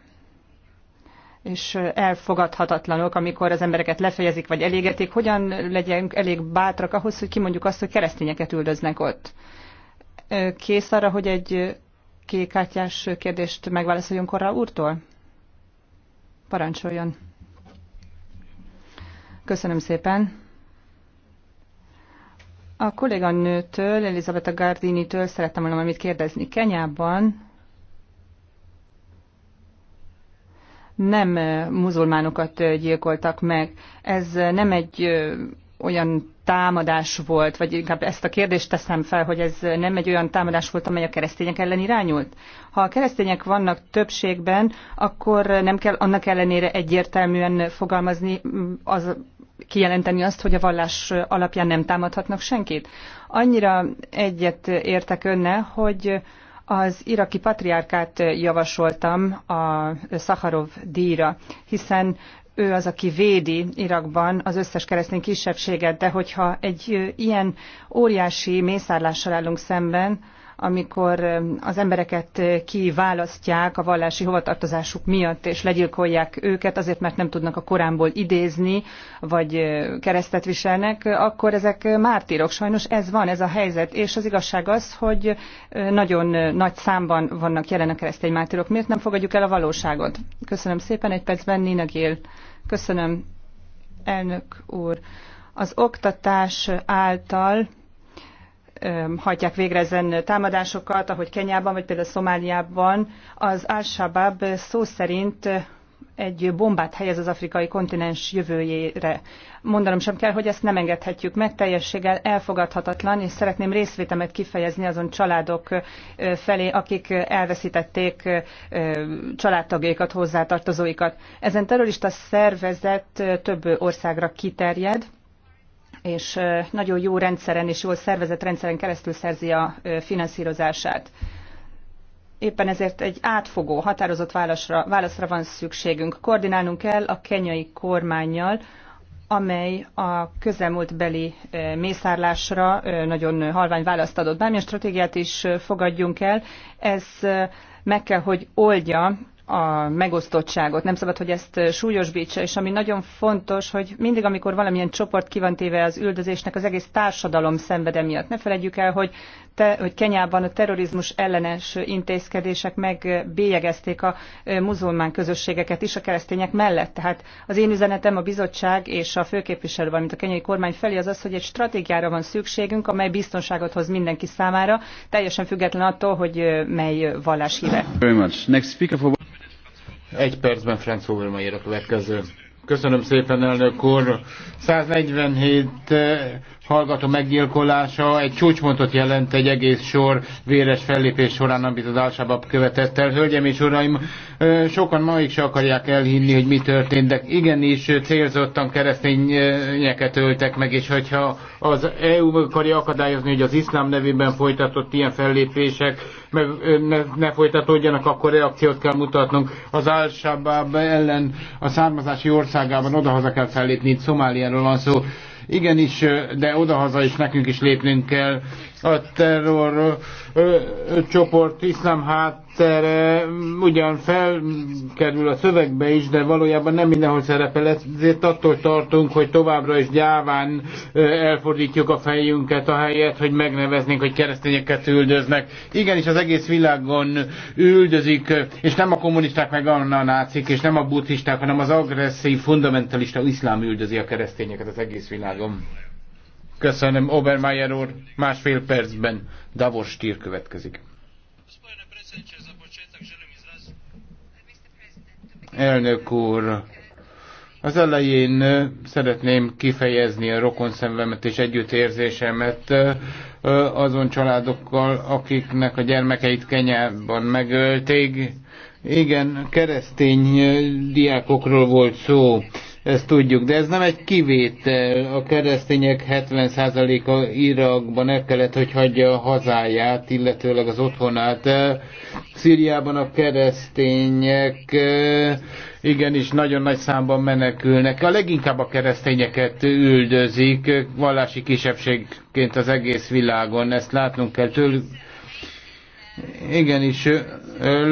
F: és elfogadhatatlanok, amikor az embereket lefejezik vagy elégetik. Hogyan legyünk elég bátrak ahhoz, hogy kimondjuk azt, hogy keresztényeket üldöznek ott? Kész arra, hogy egy kékkártyás kérdést megválaszoljon Korra úrtól? Parancsoljon! Köszönöm szépen. A kolléganőtől, Elizabeth Gardini-től szerettem volna valamit kérdezni. Kenyában nem eh, muzulmánokat eh, gyilkoltak meg. Ez eh, nem egy olyan támadás volt, vagy inkább ezt a kérdést teszem fel, hogy ez nem egy olyan támadás volt, amely a keresztények ellen irányult? Ha a keresztények vannak többségben, akkor nem kell annak ellenére egyértelműen fogalmazni mm, az kijelenteni azt, hogy a vallás alapján nem támadhatnak senkit? Annyira egyet értek önne, hogy az iraki patriárkát javasoltam a Szaharov díjra, hiszen ő az, aki védi Irakban az összes keresztény kisebbséget, de hogyha egy ilyen óriási mészárlással állunk szemben, amikor az embereket eh, kiválasztják a vallási hovatartozásuk miatt, és legyilkolják őket azért, mert nem tudnak a Koránból idézni, vagy eh, keresztet viselnek, akkor ezek mártírok. Sajnos ez van, ez a helyzet. És az igazság az, hogy eh, nagyon nagy számban vannak jelen a keresztény mártírok. Miért nem fogadjuk el a valóságot? Köszönöm szépen, egy percben Nina Gél. Köszönöm, elnök úr. Az oktatás által hajtják végre ezen támadásokat, ahogy Kenyában vagy például Szomáliában, az Al-Shabaab szó szerint egy bombát helyez az afrikai kontinens jövőjére. Mondanom sem kell, hogy ezt nem engedhetjük meg, teljességgel elfogadhatatlan, és szeretném részvétemet kifejezni azon családok felé, akik elveszítették családtagjaikat, hozzátartozóikat. Ezen terrorista szervezet több országra kiterjed, és nagyon jó rendszeren és jól szervezett rendszeren keresztül szerzi a finanszírozását. Éppen ezért egy átfogó, határozott válaszra, válaszra van szükségünk. Koordinálnunk kell a kenyai kormányjal, amely a közelmúltbeli mészárlásra nagyon halvány választ adott. Bármilyen stratégiát is fogadjunk el, ez meg kell, hogy oldja a megosztottságot. Nem szabad, hogy ezt súlyosbítsa, és ami nagyon fontos, hogy mindig, amikor valamilyen csoport kivantéve az üldözésnek, az egész társadalom szenved emiatt. Ne felejtjük el, hogy, te, hogy Kenyában a terrorizmus ellenes intézkedések megbélyegezték a muzulmán közösségeket is a keresztények mellett. Tehát az én üzenetem a bizottság és a főképviselő, valamint a kenyai kormány felé az az, hogy egy stratégiára van szükségünk, amely biztonságot hoz mindenki számára, teljesen független attól, hogy mely vallás híve.
G: Egy percben Frank Fogelmaier a következő. Köszönöm szépen, elnök úr. 147 hallgató meggyilkolása egy csúcspontot jelent egy egész sor véres fellépés során, amit az álsába követett el. Hölgyeim és uraim, sokan ma is akarják elhinni, hogy mi történt, de igenis célzottan keresztényeket öltek meg, és hogyha az EU akarja akadályozni, hogy az iszlám nevében folytatott ilyen fellépések meg ne, ne folytatódjanak, akkor reakciót kell mutatnunk. Az álsábáb ellen a származási országában odahaza kell fellépni, itt Szomáliáról van szó Igenis, de odahaza is nekünk is lépnünk kell a terror ö, ö, csoport iszlám háttere ugyan felkerül a szövegbe is, de valójában nem mindenhol szerepel. Ezért attól tartunk, hogy továbbra is gyáván ö, elfordítjuk a fejünket a helyet, hogy megneveznénk, hogy keresztényeket üldöznek. Igenis az egész világon üldözik, és nem a kommunisták meg a nácik, és nem a buddhisták, hanem az agresszív, fundamentalista iszlám üldözi a keresztényeket az egész világon. Köszönöm, Obermeyer úr. Másfél percben Davos Stier következik. Elnök úr, az elején szeretném kifejezni a rokon szemlemet és együttérzésemet azon családokkal, akiknek a gyermekeit Kenyában megölték. Igen, keresztény diákokról volt szó ezt tudjuk, de ez nem egy kivétel. A keresztények 70%-a Irakban el kellett, hogy hagyja a hazáját, illetőleg az otthonát. Szíriában a keresztények eh, igenis nagyon nagy számban menekülnek. A leginkább a keresztényeket üldözik, eh, vallási kisebbségként az egész világon. Ezt látnunk kell tőlük Igenis,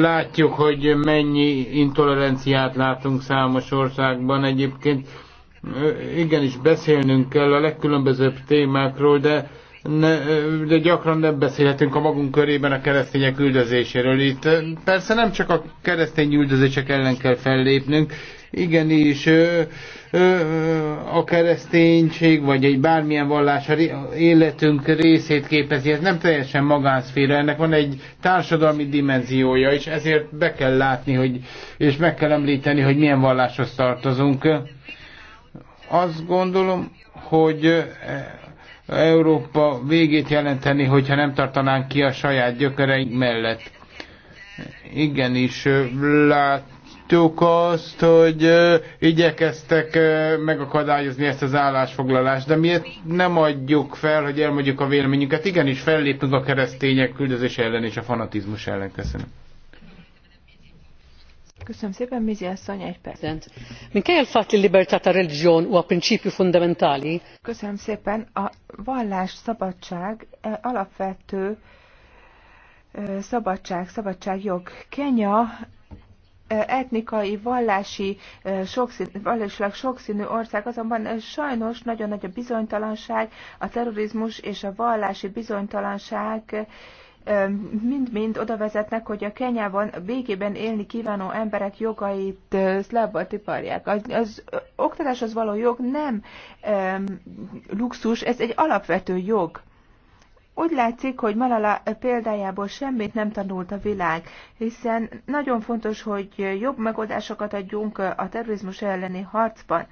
G: látjuk, hogy mennyi intoleranciát látunk számos országban egyébként. Igenis, beszélnünk kell a legkülönbözőbb témákról, de, ne, de gyakran nem beszélhetünk a magunk körében a keresztények üldözéséről. Itt persze nem csak a keresztény üldözések ellen kell fellépnünk, igenis a kereszténység, vagy egy bármilyen vallás életünk részét képezi. Ez nem teljesen magánszféra, ennek van egy társadalmi dimenziója, és ezért be kell látni, hogy, és meg kell említeni, hogy milyen valláshoz tartozunk. Azt gondolom, hogy Európa végét jelenteni, hogyha nem tartanánk ki a saját gyökereink mellett. Igenis, lát, látjuk azt, hogy igyekeztek megakadályozni ezt az állásfoglalást, de miért nem adjuk fel, hogy elmondjuk a véleményünket? Igenis, fellépünk a keresztények küldözés ellen és a fanatizmus ellen. Köszönöm.
E: Köszönöm szépen, Mizi asszony, egy
A: perc. Minkejel fatti libertata religion u a principi fundamentali.
E: Köszönöm szépen. A vallás szabadság e, alapvető e, szabadság, szabadságjog. Kenya etnikai, vallási, sokszínű, sokszínű ország, azonban sajnos nagyon nagy a bizonytalanság, a terrorizmus és a vallási bizonytalanság mind-mind oda vezetnek, hogy a Kenyában békében élni kívánó emberek jogait szlábbal tiparják. Az, az oktatáshoz való jog nem um, luxus, ez egy alapvető jog. Úgy látszik, hogy Malala példájából semmit nem tanult a világ, hiszen nagyon fontos, hogy jobb megoldásokat adjunk a terrorizmus elleni harcban.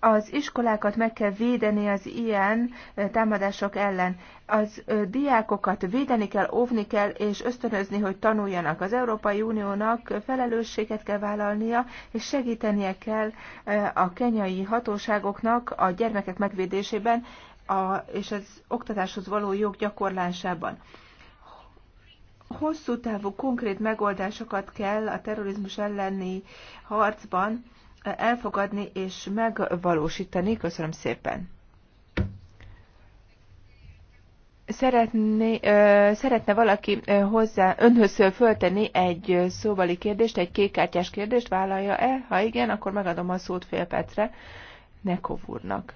E: Az iskolákat meg kell védeni az ilyen támadások ellen. Az diákokat védeni kell, óvni kell, és ösztönözni, hogy tanuljanak. Az Európai Uniónak felelősséget kell vállalnia, és segítenie kell a kenyai hatóságoknak a gyermekek megvédésében, a, és az oktatáshoz való jog gyakorlásában. Hosszú távú konkrét megoldásokat kell a terrorizmus elleni harcban eh, elfogadni és megvalósítani. Köszönöm szépen! Szeretné, ö, szeretne valaki ö, hozzá, önhöz föltenni egy szóbali kérdést, egy kékkártyás kérdést, vállalja-e? Ha igen, akkor megadom a szót fél percre Nekov úrnak.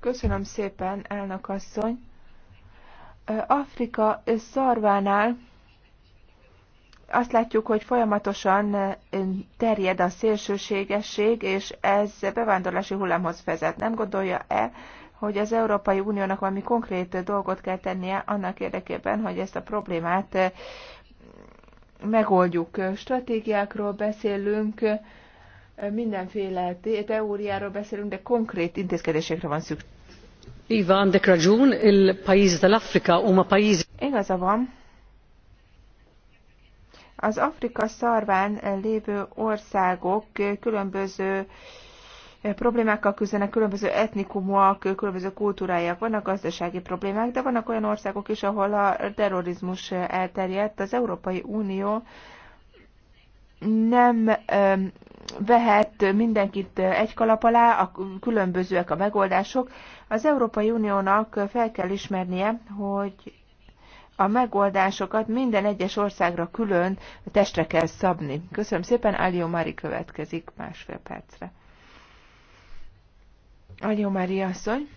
E: Köszönöm szépen, elnök asszony. Afrika szarvánál azt látjuk, hogy folyamatosan terjed a szélsőségesség, és ez bevándorlási hullámhoz vezet. Nem gondolja-e, hogy az Európai Uniónak valami konkrét dolgot kell tennie annak érdekében, hogy ezt a problémát megoldjuk. Stratégiákról beszélünk, mindenféle teóriáról beszélünk, de konkrét
A: intézkedésekre van szükség. afrika
E: Igaza van. Az Afrika szarván lévő országok különböző problémákkal küzdenek, különböző etnikumok, különböző kultúrájak, vannak gazdasági problémák, de vannak olyan országok is, ahol a terrorizmus elterjedt. Az Európai Unió nem vehet mindenkit egy kalap alá, a különbözőek a megoldások. Az Európai Uniónak fel kell ismernie, hogy a megoldásokat minden egyes országra külön testre kell szabni. Köszönöm szépen, Alió Mari következik másfél percre. Alió Mari asszony.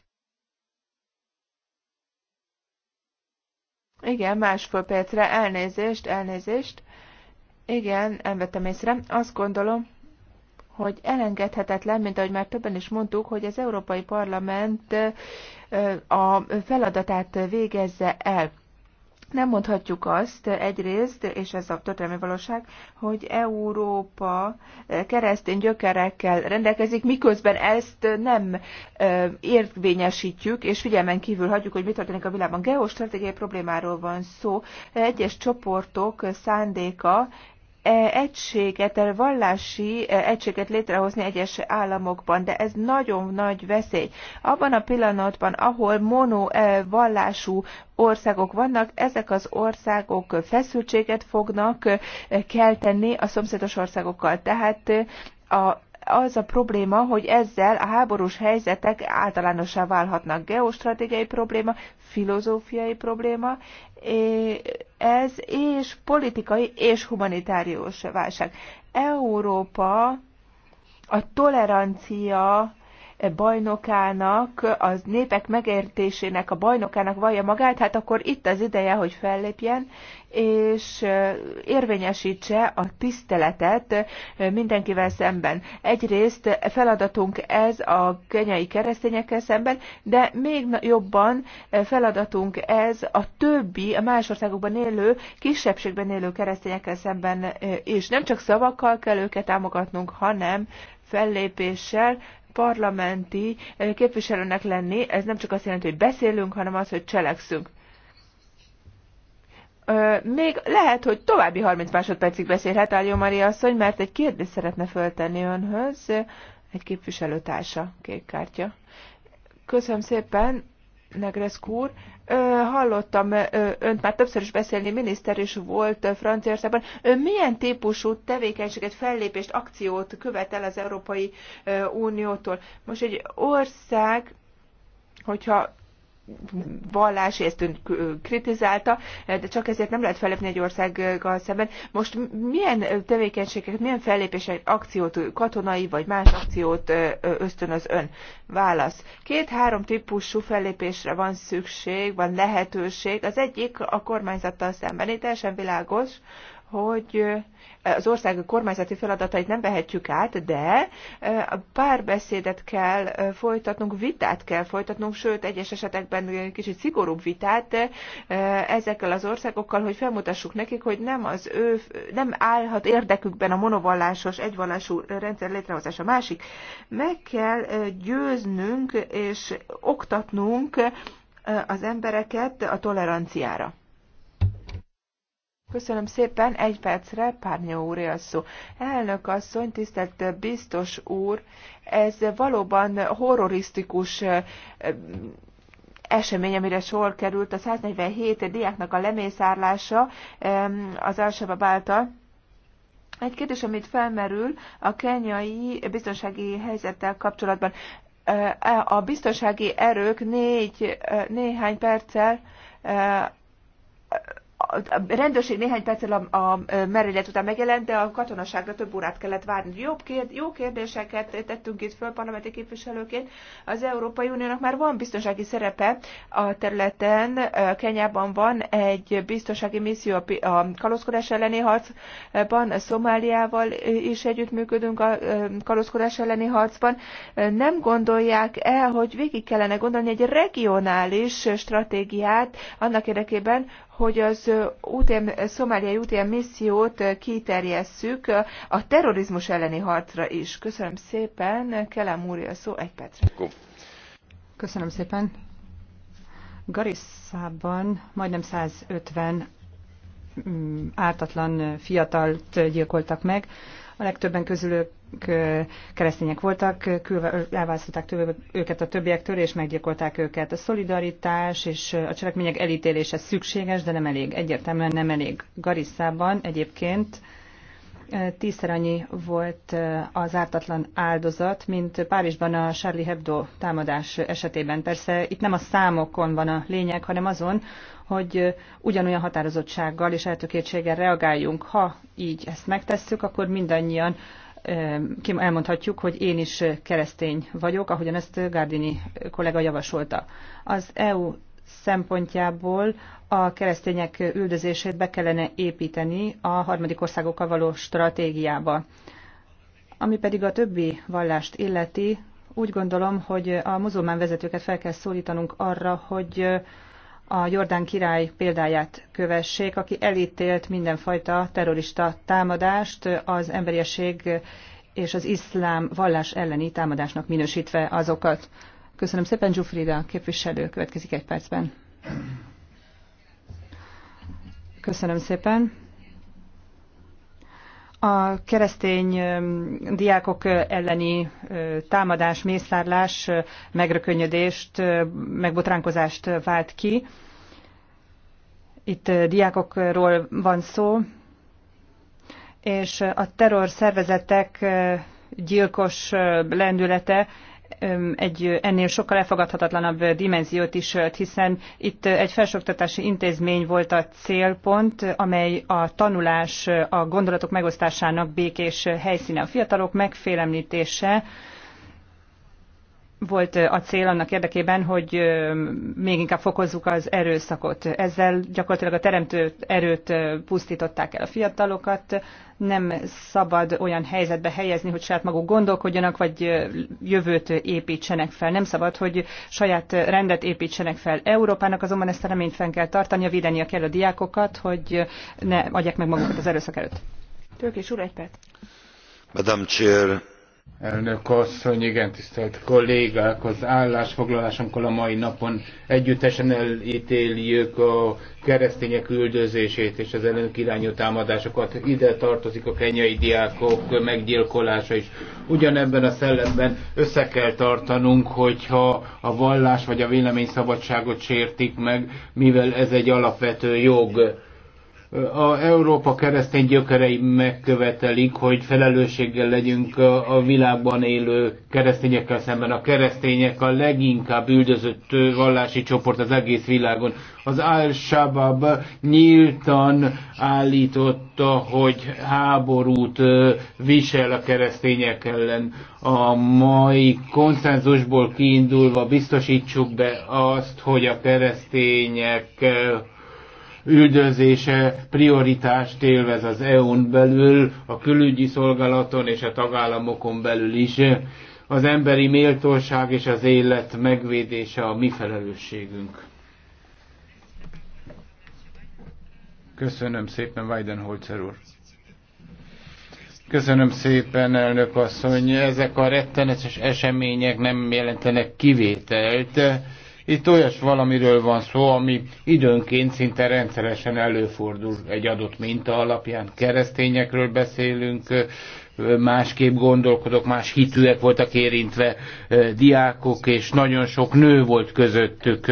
E: Igen, másfél percre elnézést, elnézést. Igen, nem vettem észre. Azt gondolom, hogy elengedhetetlen, mint ahogy már többen is mondtuk, hogy az Európai Parlament a feladatát végezze el. Nem mondhatjuk azt egyrészt, és ez a történelmi valóság, hogy Európa keresztény gyökerekkel rendelkezik, miközben ezt nem érvényesítjük, és figyelmen kívül hagyjuk, hogy mi történik a világban. Geostratégiai problémáról van szó. Egyes csoportok szándéka E, egységet, e, vallási e, egységet létrehozni egyes államokban, de ez nagyon nagy veszély. Abban a pillanatban, ahol mono vallású országok vannak, ezek az országok feszültséget fognak kelteni a szomszédos országokkal. Tehát a az a probléma, hogy ezzel a háborús helyzetek általánossá válhatnak. Geostratégiai probléma, filozófiai probléma, ez és politikai és humanitárius válság. Európa a tolerancia bajnokának, az népek megértésének a bajnokának vallja magát, hát akkor itt az ideje, hogy fellépjen, és érvényesítse a tiszteletet mindenkivel szemben. Egyrészt feladatunk ez a kenyai keresztényekkel szemben, de még jobban feladatunk ez a többi, a más országokban élő, kisebbségben élő keresztényekkel szemben, és nem csak szavakkal kell őket támogatnunk, hanem fellépéssel, parlamenti képviselőnek lenni, ez nem csak azt jelenti, hogy beszélünk, hanem az, hogy cselekszünk. Még lehet, hogy további 30 másodpercig beszélhet Áljó Maria asszony, mert egy kérdést szeretne föltenni önhöz, egy képviselőtársa, kék kártya. Köszönöm szépen, Negreszkú úr. Hallottam önt már többször is beszélni, miniszter is volt Franciaországban. Ön milyen típusú tevékenységet, fellépést, akciót követel az Európai Uniótól? Most egy ország, hogyha vallás, ezt ön kritizálta, de csak ezért nem lehet felépni egy országgal szemben. Most milyen tevékenységeket, milyen fellépések, akciót, katonai vagy más akciót ösztönöz ön? Válasz. Két-három típusú fellépésre van szükség, van lehetőség. Az egyik a kormányzattal szemben, itt teljesen világos, hogy az ország kormányzati feladatait nem vehetjük át, de párbeszédet kell folytatnunk, vitát kell folytatnunk, sőt, egyes esetekben kicsit szigorúbb vitát ezekkel az országokkal, hogy felmutassuk nekik, hogy nem az ő, nem állhat érdekükben a monovallásos, egyvallású rendszer létrehozása. Másik, meg kell győznünk és oktatnunk az embereket a toleranciára. Köszönöm szépen, egy percre Párnyó úr a szó. Elnök asszony, tisztelt biztos úr, ez valóban horrorisztikus esemény, amire sor került, a 147 diáknak a lemészárlása az Alsebab által. Egy kérdés, amit felmerül a kenyai biztonsági helyzettel kapcsolatban. E, a biztonsági erők négy, néhány perccel a rendőrség néhány perccel a, a merénylet után megjelent, de a katonaságra több órát kellett várni. Jobb kérd, jó kérdéseket tettünk itt föl parlamenti képviselőként. Az Európai Uniónak már van biztonsági szerepe a területen. Kenyában van egy biztonsági misszió a kalózkodás elleni harcban, Szomáliával is együttműködünk a kalózkodás elleni harcban. Nem gondolják el, hogy végig kellene gondolni egy regionális stratégiát annak érdekében, hogy az UTM, szomáliai UTM missziót kiterjesszük a terrorizmus elleni harcra is. Köszönöm szépen, Kelem úr, a szó egy percre.
F: Köszönöm szépen. Garisszában majdnem 150 mm, ártatlan fiatalt gyilkoltak meg. A legtöbben közülük keresztények voltak, elválasztották őket a többiektől, és meggyilkolták őket. A szolidaritás és a cselekmények elítélése szükséges, de nem elég. Egyértelműen nem elég. Garisszában egyébként tízszer annyi volt az ártatlan áldozat, mint Párizsban a Charlie Hebdo támadás esetében. Persze itt nem a számokon van a lényeg, hanem azon, hogy ugyanolyan határozottsággal és eltökétséggel reagáljunk. Ha így ezt megtesszük, akkor mindannyian elmondhatjuk, hogy én is keresztény vagyok, ahogyan ezt Gárdini kollega javasolta. Az EU szempontjából a keresztények üldözését be kellene építeni a harmadik országokkal való stratégiába. Ami pedig a többi vallást illeti, úgy gondolom, hogy a muzulmán vezetőket fel kell szólítanunk arra, hogy a Jordán király példáját kövessék, aki elítélt mindenfajta terrorista támadást az emberiesség és az iszlám vallás elleni támadásnak minősítve azokat. Köszönöm szépen, Zsufrida képviselő, következik egy percben. Köszönöm szépen. A keresztény diákok elleni támadás, mészárlás, megrökönyödést, megbotránkozást vált ki. Itt diákokról van szó, és a terror szervezetek gyilkos lendülete egy ennél sokkal elfogadhatatlanabb dimenziót is ölt, hiszen itt egy felsőoktatási intézmény volt a célpont, amely a tanulás, a gondolatok megosztásának békés helyszíne. A fiatalok megfélemlítése volt a cél annak érdekében, hogy még inkább fokozzuk az erőszakot. Ezzel gyakorlatilag a teremtő erőt pusztították el a fiatalokat. Nem szabad olyan helyzetbe helyezni, hogy saját maguk gondolkodjanak, vagy jövőt építsenek fel. Nem szabad, hogy saját rendet építsenek fel. Európának azonban ezt a reményt fenn kell tartania, védenie kell a diákokat, hogy ne adják meg magukat az erőszak előtt.
E: Tőkés úr, egy perc.
G: Madame Chair, Elnök asszony, igen, tisztelt kollégák, az állásfoglalásunkkal a mai napon együttesen elítéljük a keresztények üldözését és az ellenük irányú támadásokat. Ide tartozik a kenyai diákok meggyilkolása is. Ugyanebben a szellemben össze kell tartanunk, hogyha a vallás vagy a véleményszabadságot sértik meg, mivel ez egy alapvető jog a Európa keresztény gyökerei megkövetelik, hogy felelősséggel legyünk a világban élő keresztényekkel szemben. A keresztények a leginkább üldözött vallási csoport az egész világon. Az Al-Shabaab nyíltan állította, hogy háborút visel a keresztények ellen. A mai konszenzusból kiindulva biztosítsuk be azt, hogy a keresztények üldözése prioritást élvez az EU-n belül, a külügyi szolgálaton és a tagállamokon belül is. Az emberi méltóság és az élet megvédése a mi felelősségünk. Köszönöm szépen, Weidenholzer úr. Köszönöm szépen, elnök asszony. Ezek a rettenetes események nem jelentenek kivételt itt olyas valamiről van szó, ami időnként szinte rendszeresen előfordul egy adott minta alapján. Keresztényekről beszélünk, másképp gondolkodok, más hitűek voltak érintve diákok, és nagyon sok nő volt közöttük.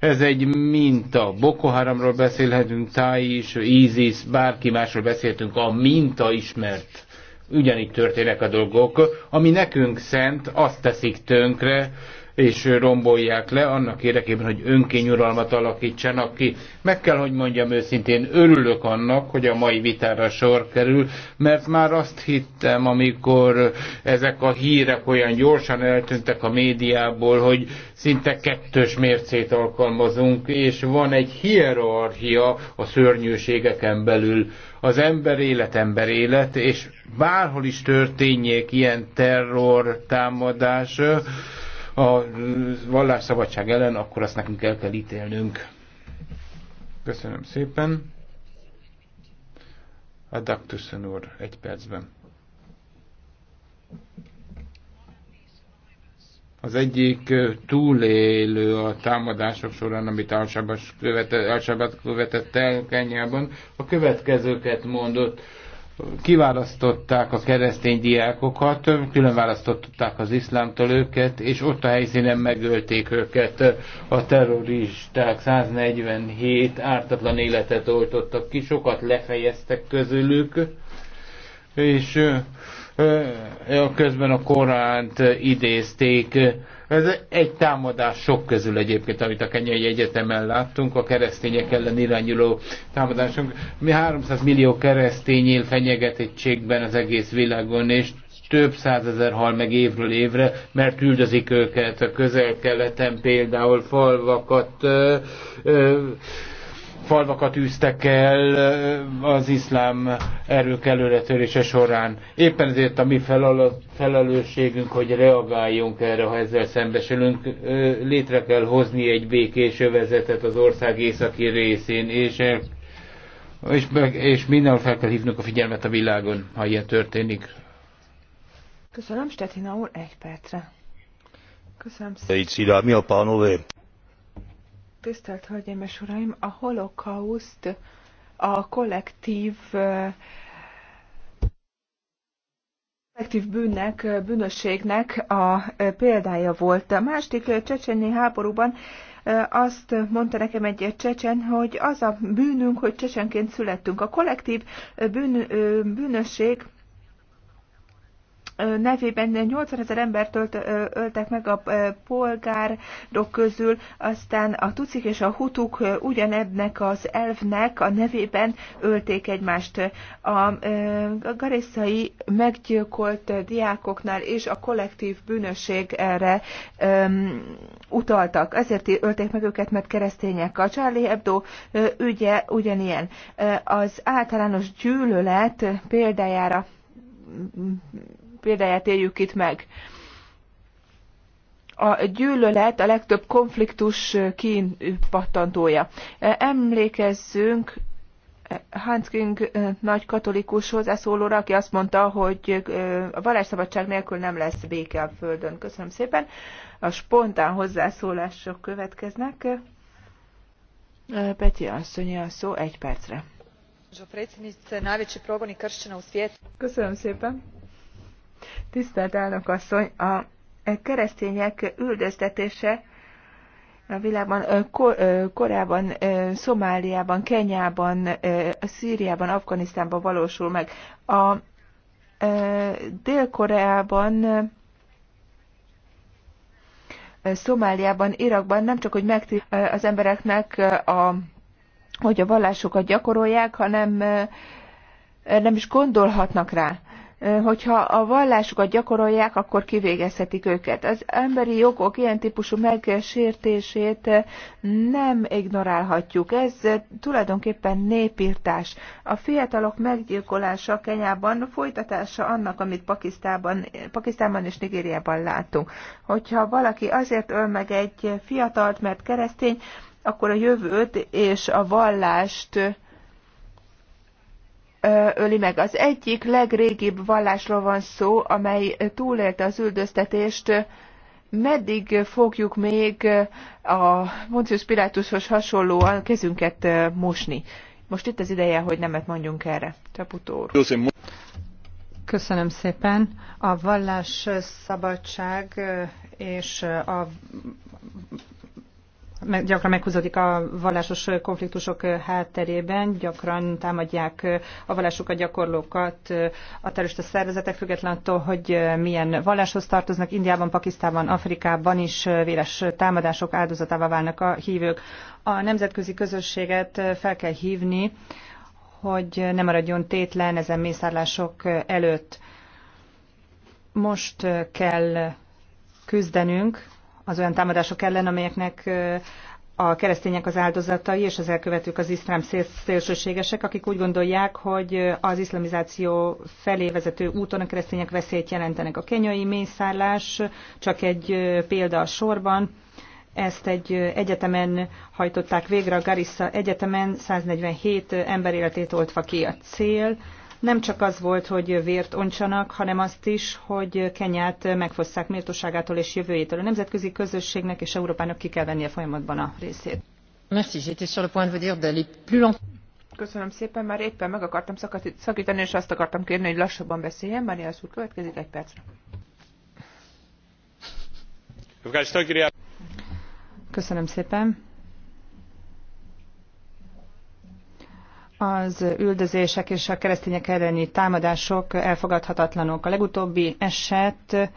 G: Ez egy minta. Boko Haramról beszélhetünk, Táj is, ISIS, bárki másról beszéltünk, a minta ismert. Ugyanígy történnek a dolgok. Ami nekünk szent, azt teszik tönkre, és rombolják le annak érdekében, hogy önkényuralmat alakítsanak ki. Meg kell, hogy mondjam őszintén, örülök annak, hogy a mai vitára sor kerül, mert már azt hittem, amikor ezek a hírek olyan gyorsan eltűntek a médiából, hogy szinte kettős mércét alkalmazunk, és van egy hierarchia a szörnyűségeken belül. Az ember élet, ember élet, és bárhol is történjék ilyen terror támadás, a vallásszabadság ellen, akkor azt nekünk el kell ítélnünk. Köszönöm szépen. A Daktusen úr egy percben. Az egyik túlélő a támadások során, amit al követett, követett el Kenyában, a következőket mondott kiválasztották a keresztény diákokat, külön választották az iszlámtól őket, és ott a helyszínen megölték őket. A terroristák 147 ártatlan életet oltottak ki, sokat lefejeztek közülük, és közben a Koránt idézték, ez egy támadás sok közül egyébként, amit a kenyai egyetemen láttunk, a keresztények ellen irányuló támadásunk. Mi 300 millió keresztény él fenyegetettségben az egész világon, és több százezer hal meg évről évre, mert üldözik őket a közel-keleten például falvakat, ö, ö, falvakat űztek el az iszlám erők előretörése során. Éppen ezért a mi felelősségünk, hogy reagáljunk erre, ha ezzel szembesülünk. Létre kell hozni egy békés övezetet az ország északi részén, és, és, és mindenhol fel kell hívnunk a figyelmet a világon,
B: ha ilyen történik.
E: Köszönöm, Stetina úr, egy percre. Köszönöm
B: szépen.
E: Tisztelt Hölgyeim és Uraim, a holokauszt a kollektív kollektív bűnnek, bűnösségnek a példája volt. A második csecsenyi háborúban azt mondta nekem egy csecsen, hogy az a bűnünk, hogy csecsenként születtünk. A kollektív bűn, bűnösség nevében 80 ezer embert ölt, öltek meg a polgárok közül, aztán a tucik és a hutuk ugyanebnek az elvnek a nevében ölték egymást. A garészai meggyilkolt diákoknál és a kollektív bűnösségre utaltak. Ezért ölték meg őket, mert keresztények. A Charlie Hebdo ügye ugyanilyen. Az általános gyűlölet példájára példáját éljük itt meg. A gyűlölet a legtöbb konfliktus kínpattantója. Emlékezzünk Hans King nagy katolikus hozzászólóra, e aki azt mondta, hogy a vallásszabadság nélkül nem lesz béke a Földön. Köszönöm szépen. A spontán hozzászólások következnek. Peti asszonyi a szó egy percre. Köszönöm szépen. Tisztelt elnök asszony, a e keresztények üldöztetése a világban, korábban Szomáliában, Kenyában, Szíriában, Afganisztánban valósul meg. A Dél-Koreában, Szomáliában, Irakban nem csak, hogy megtisztelt az embereknek, a, hogy a vallásukat gyakorolják, hanem nem is gondolhatnak rá hogyha a vallásukat gyakorolják, akkor kivégezhetik őket. Az emberi jogok ilyen típusú megsértését nem ignorálhatjuk. Ez tulajdonképpen népírtás. A fiatalok meggyilkolása Kenyában folytatása annak, amit Pakisztában, Pakisztánban és Nigériában látunk. Hogyha valaki azért öl meg egy fiatalt, mert keresztény, akkor a jövőt és a vallást öli meg. Az egyik legrégibb vallásról van szó, amely túlélte az üldöztetést, meddig fogjuk még a Moncius Pilátushoz hasonlóan kezünket mosni. Most itt az ideje, hogy nemet mondjunk erre. Csaputór.
F: Köszönöm szépen. A vallás szabadság és a gyakran meghúzódik a vallásos konfliktusok hátterében, gyakran támadják a vallásokat gyakorlókat a terrorista szervezetek, független attól, hogy milyen valláshoz tartoznak. Indiában, Pakisztában, Afrikában is véres támadások áldozatává válnak a hívők. A nemzetközi közösséget fel kell hívni, hogy ne maradjon tétlen ezen mészárlások előtt. Most kell küzdenünk, az olyan támadások ellen, amelyeknek a keresztények az áldozatai, és az elkövetők az iszlám szélsőségesek, akik úgy gondolják, hogy az iszlamizáció felé vezető úton a keresztények veszélyt jelentenek. A kenyai mészárlás csak egy példa a sorban. Ezt egy egyetemen hajtották végre, a Garissa Egyetemen 147 ember életét oltva ki a cél nem csak az volt, hogy vért ontsanak, hanem azt is, hogy Kenyát megfosszák méltóságától és jövőjétől. A nemzetközi közösségnek és Európának ki kell vennie folyamatban a részét. Merci, j'étais sur le point de vous
E: dire d'aller plus Köszönöm szépen, már éppen meg akartam szakítani, és azt akartam kérni, hogy lassabban beszéljen. Maria úr, következik egy percre. Köszönöm szépen.
F: az üldözések és a keresztények elleni támadások elfogadhatatlanok. A legutóbbi eset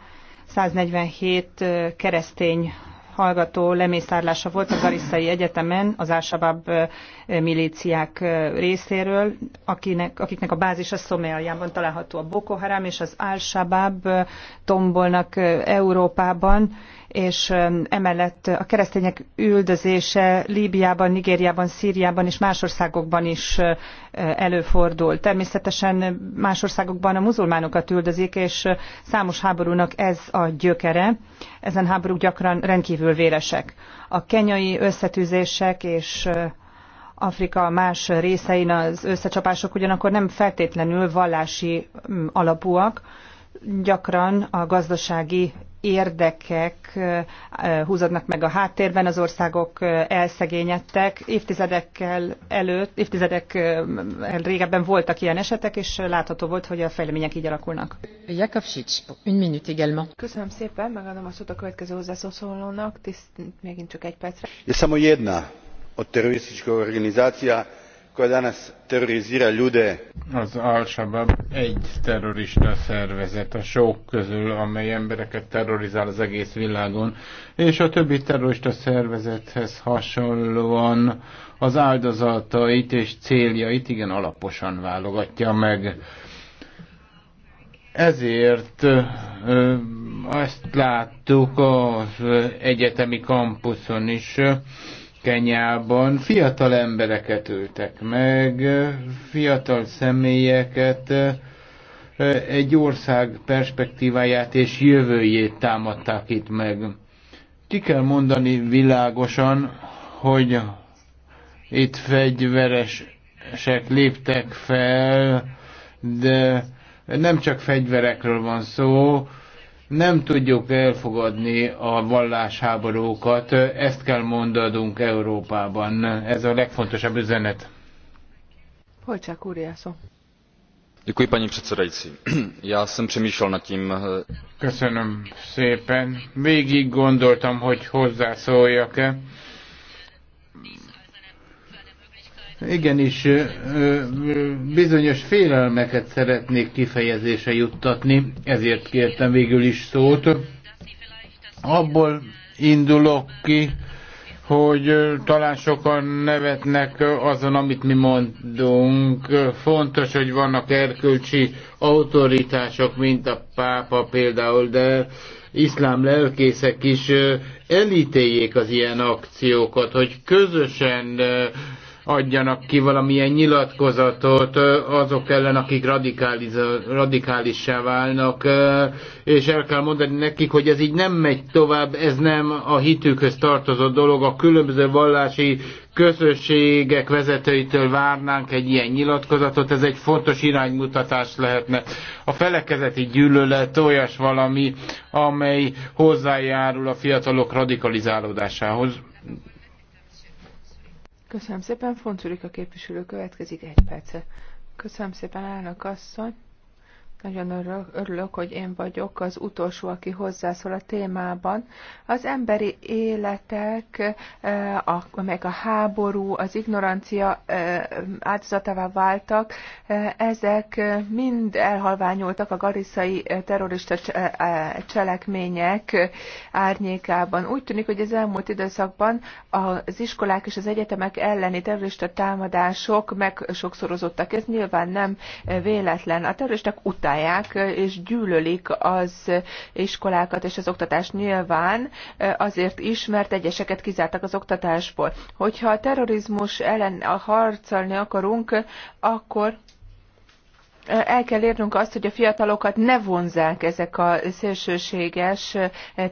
F: 147 keresztény hallgató lemészárlása volt az gariszai Egyetemen az Ásabab milíciák részéről, akinek, akiknek a bázis a Szomeljában található a Boko Haram és az Ásabab tombolnak Európában és emellett a keresztények üldözése Líbiában, Nigériában, Szíriában és más országokban is előfordul. Természetesen más országokban a muzulmánokat üldözik, és számos háborúnak ez a gyökere. Ezen háborúk gyakran rendkívül véresek. A kenyai összetűzések és Afrika más részein az összecsapások ugyanakkor nem feltétlenül vallási alapúak, gyakran a gazdasági érdekek eh, húzódnak meg a háttérben, az országok eh, elszegényedtek. Évtizedekkel előtt, évtizedek eh, régebben voltak ilyen esetek, és látható volt, hogy a fejlemények így alakulnak. Jakovsics, une minute également.
E: Köszönöm szépen, megadom a szót a következő hozzászólónak, tiszt, megint csak egy percre.
B: Je samo jedna od terorističkih organizáció koja danas terorizira ljude. Az Al-Shabaab egy
G: terrorista szervezet a sok közül, amely embereket terrorizál az egész világon, és a többi terrorista szervezethez hasonlóan az áldozatait és céljait igen alaposan válogatja meg. Ezért ö, azt láttuk az egyetemi kampuszon is, Kenyában fiatal embereket öltek meg, fiatal személyeket, egy ország perspektíváját és jövőjét támadták itt meg. Ki kell mondani világosan, hogy itt fegyveresek léptek fel, de nem csak fegyverekről van szó, nem tudjuk elfogadni a vallásháborúkat, ezt kell mondanunk Európában. Ez a legfontosabb üzenet.
E: Polcsák úr, szó.
B: Děkuji, paní předsedající.
G: Já jsem přemýšlel nad tím... Eh, Köszönöm szépen. Végig gondoltam, hogy hozzászóljak-e Igenis, bizonyos félelmeket szeretnék kifejezése juttatni, ezért kértem végül is szót. Abból indulok ki, hogy talán sokan nevetnek azon, amit mi mondunk. Fontos, hogy vannak erkölcsi autoritások, mint a pápa például, de iszlám lelkészek is elítéljék az ilyen akciókat, hogy közösen adjanak ki valamilyen nyilatkozatot azok ellen, akik radikálissá válnak, és el kell mondani nekik, hogy ez így nem megy tovább, ez nem a hitükhöz tartozó dolog, a különböző vallási közösségek vezetőitől várnánk egy ilyen nyilatkozatot, ez egy fontos iránymutatás lehetne. A felekezeti gyűlölet olyas valami, amely hozzájárul a fiatalok radikalizálódásához.
E: Köszönöm szépen, Foncurika a képviselő következik egy perce. Köszönöm szépen, elnök asszony. Nagyon örülök, hogy én vagyok az utolsó, aki hozzászól a témában. Az emberi életek, eh, amelyek a háború, az ignorancia eh, áldozatává váltak, eh, ezek mind elhalványultak a gariszai terrorista cselekmények árnyékában. Úgy tűnik, hogy az elmúlt időszakban az iskolák és az egyetemek elleni terrorista támadások megsokszorozottak. Ez nyilván nem véletlen. A terroristák utálják és gyűlölik az iskolákat és az oktatást nyilván azért is, mert egyeseket kizártak az oktatásból. Hogyha a terrorizmus ellen harcolni akarunk, akkor el kell érnünk azt, hogy a fiatalokat ne vonzák ezek a szélsőséges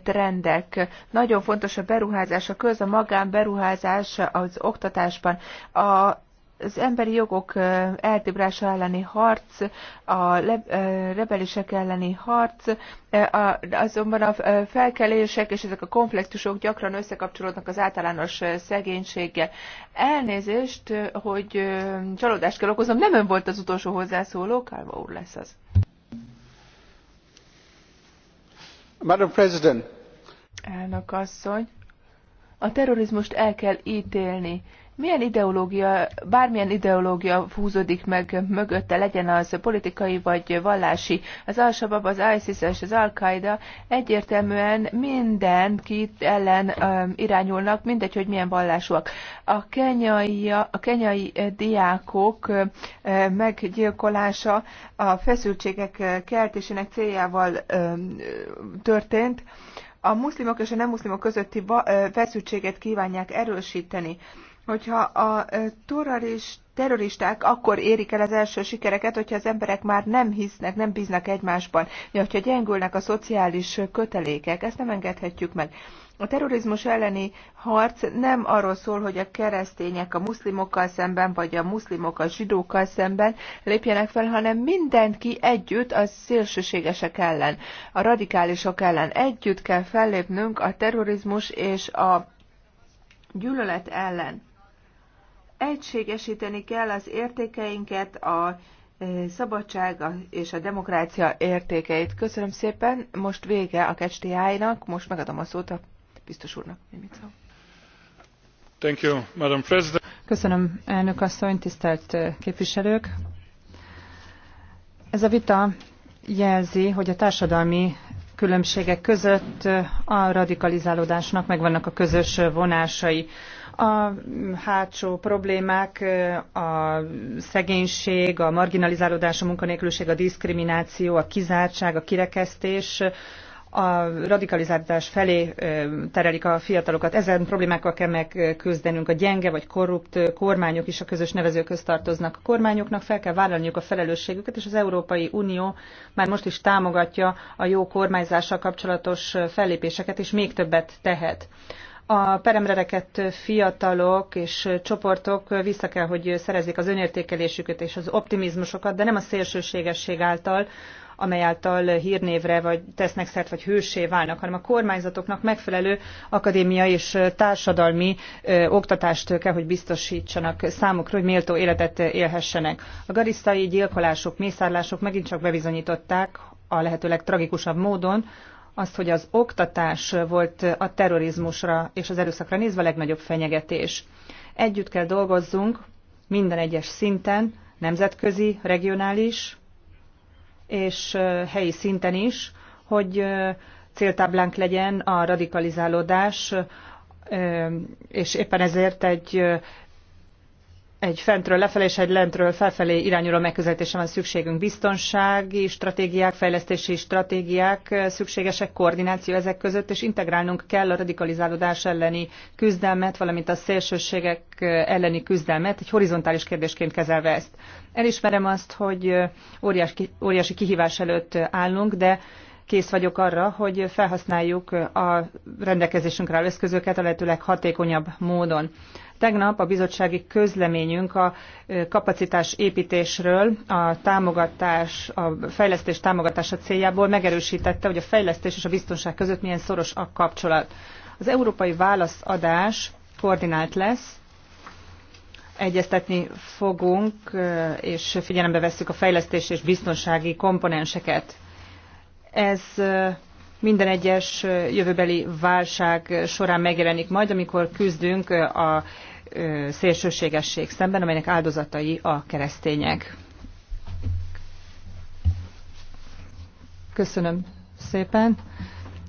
E: trendek. Nagyon fontos a beruházás, a köz, a magánberuházás az oktatásban. A az emberi jogok eltibrása elleni harc, a rebelisek elleni harc, azonban a felkelések és ezek a konfliktusok gyakran összekapcsolódnak az általános szegénységgel. Elnézést, hogy csalódást kell okoznom, nem ön volt az utolsó hozzászóló, Kálva úr lesz az.
B: Madam President.
E: Elnök asszony, a terrorizmust el kell ítélni milyen ideológia, bármilyen ideológia húzódik meg mögötte, legyen az politikai vagy vallási, az Al-Shabaab, az ISIS és az Al-Qaeda egyértelműen mindenkit ellen um, irányulnak, mindegy, hogy milyen vallásúak. A kenyai, a kenyai diákok uh, meggyilkolása a feszültségek keltésének céljával um, történt. A muszlimok és a nem muszlimok közötti um, feszültséget kívánják erősíteni hogyha a terroristák akkor érik el az első sikereket, hogyha az emberek már nem hisznek, nem bíznak egymásban, ja, hogyha gyengülnek a szociális kötelékek, ezt nem engedhetjük meg. A terrorizmus elleni harc nem arról szól, hogy a keresztények a muszlimokkal szemben, vagy a muszlimok a zsidókkal szemben lépjenek fel, hanem mindenki együtt a szélsőségesek ellen, a radikálisok ellen. Együtt kell fellépnünk a terrorizmus és a gyűlölet ellen. Egységesíteni kell az értékeinket, a e, szabadság és a demokrácia értékeit. Köszönöm szépen, most vége a KCTI-nak, most megadom a szót a biztos úrnak.
B: Thank you, Madam President.
F: Köszönöm, elnök asszony, tisztelt e, képviselők. Ez a vita jelzi, hogy a társadalmi különbségek között e, a radikalizálódásnak megvannak a közös vonásai. A hátsó problémák, a szegénység, a marginalizálódás, a munkanélküliség, a diszkrimináció, a kizártság, a kirekesztés, a radikalizálás felé terelik a fiatalokat. Ezen problémákkal kell megküzdenünk. A gyenge vagy korrupt kormányok is a közös nevezőköz tartoznak. A kormányoknak fel kell vállalniuk a felelősségüket, és az Európai Unió már most is támogatja a jó kormányzással kapcsolatos fellépéseket, és még többet tehet a peremre rekedt fiatalok és csoportok vissza kell, hogy szerezzék az önértékelésüket és az optimizmusokat, de nem a szélsőségesség által, amely által hírnévre vagy tesznek szert, vagy hősé válnak, hanem a kormányzatoknak megfelelő akadémiai és társadalmi ö, oktatást kell, hogy biztosítsanak számukra, hogy méltó életet élhessenek. A garisztai gyilkolások, mészárlások megint csak bebizonyították a lehetőleg tragikusabb módon, azt, hogy az oktatás volt a terrorizmusra és az erőszakra nézve a legnagyobb fenyegetés. Együtt kell dolgozzunk minden egyes szinten, nemzetközi, regionális és helyi szinten is, hogy céltáblánk legyen a radikalizálódás, és éppen ezért egy egy fentről lefelé és egy lentről felfelé irányuló megközelítésre van szükségünk. Biztonsági stratégiák, fejlesztési stratégiák eh, szükségesek, koordináció ezek között, és integrálnunk kell a radikalizálódás elleni küzdelmet, valamint a szélsőségek eh, elleni küzdelmet, egy horizontális kérdésként kezelve ezt. Elismerem azt, hogy eh, óriási, óriási kihívás előtt állunk, de kész vagyok arra, hogy felhasználjuk a rendelkezésünkre álló eszközöket a lehető leghatékonyabb módon. Tegnap a bizottsági közleményünk a kapacitás építésről a támogatás, a fejlesztés támogatása céljából megerősítette, hogy a fejlesztés és a biztonság között milyen szoros a kapcsolat. Az európai válaszadás koordinált lesz, egyeztetni fogunk, és figyelembe vesszük a fejlesztés és biztonsági komponenseket. Ez minden egyes jövőbeli válság során megjelenik majd, amikor küzdünk a szélsőségesség szemben, amelynek áldozatai a keresztények. Köszönöm szépen.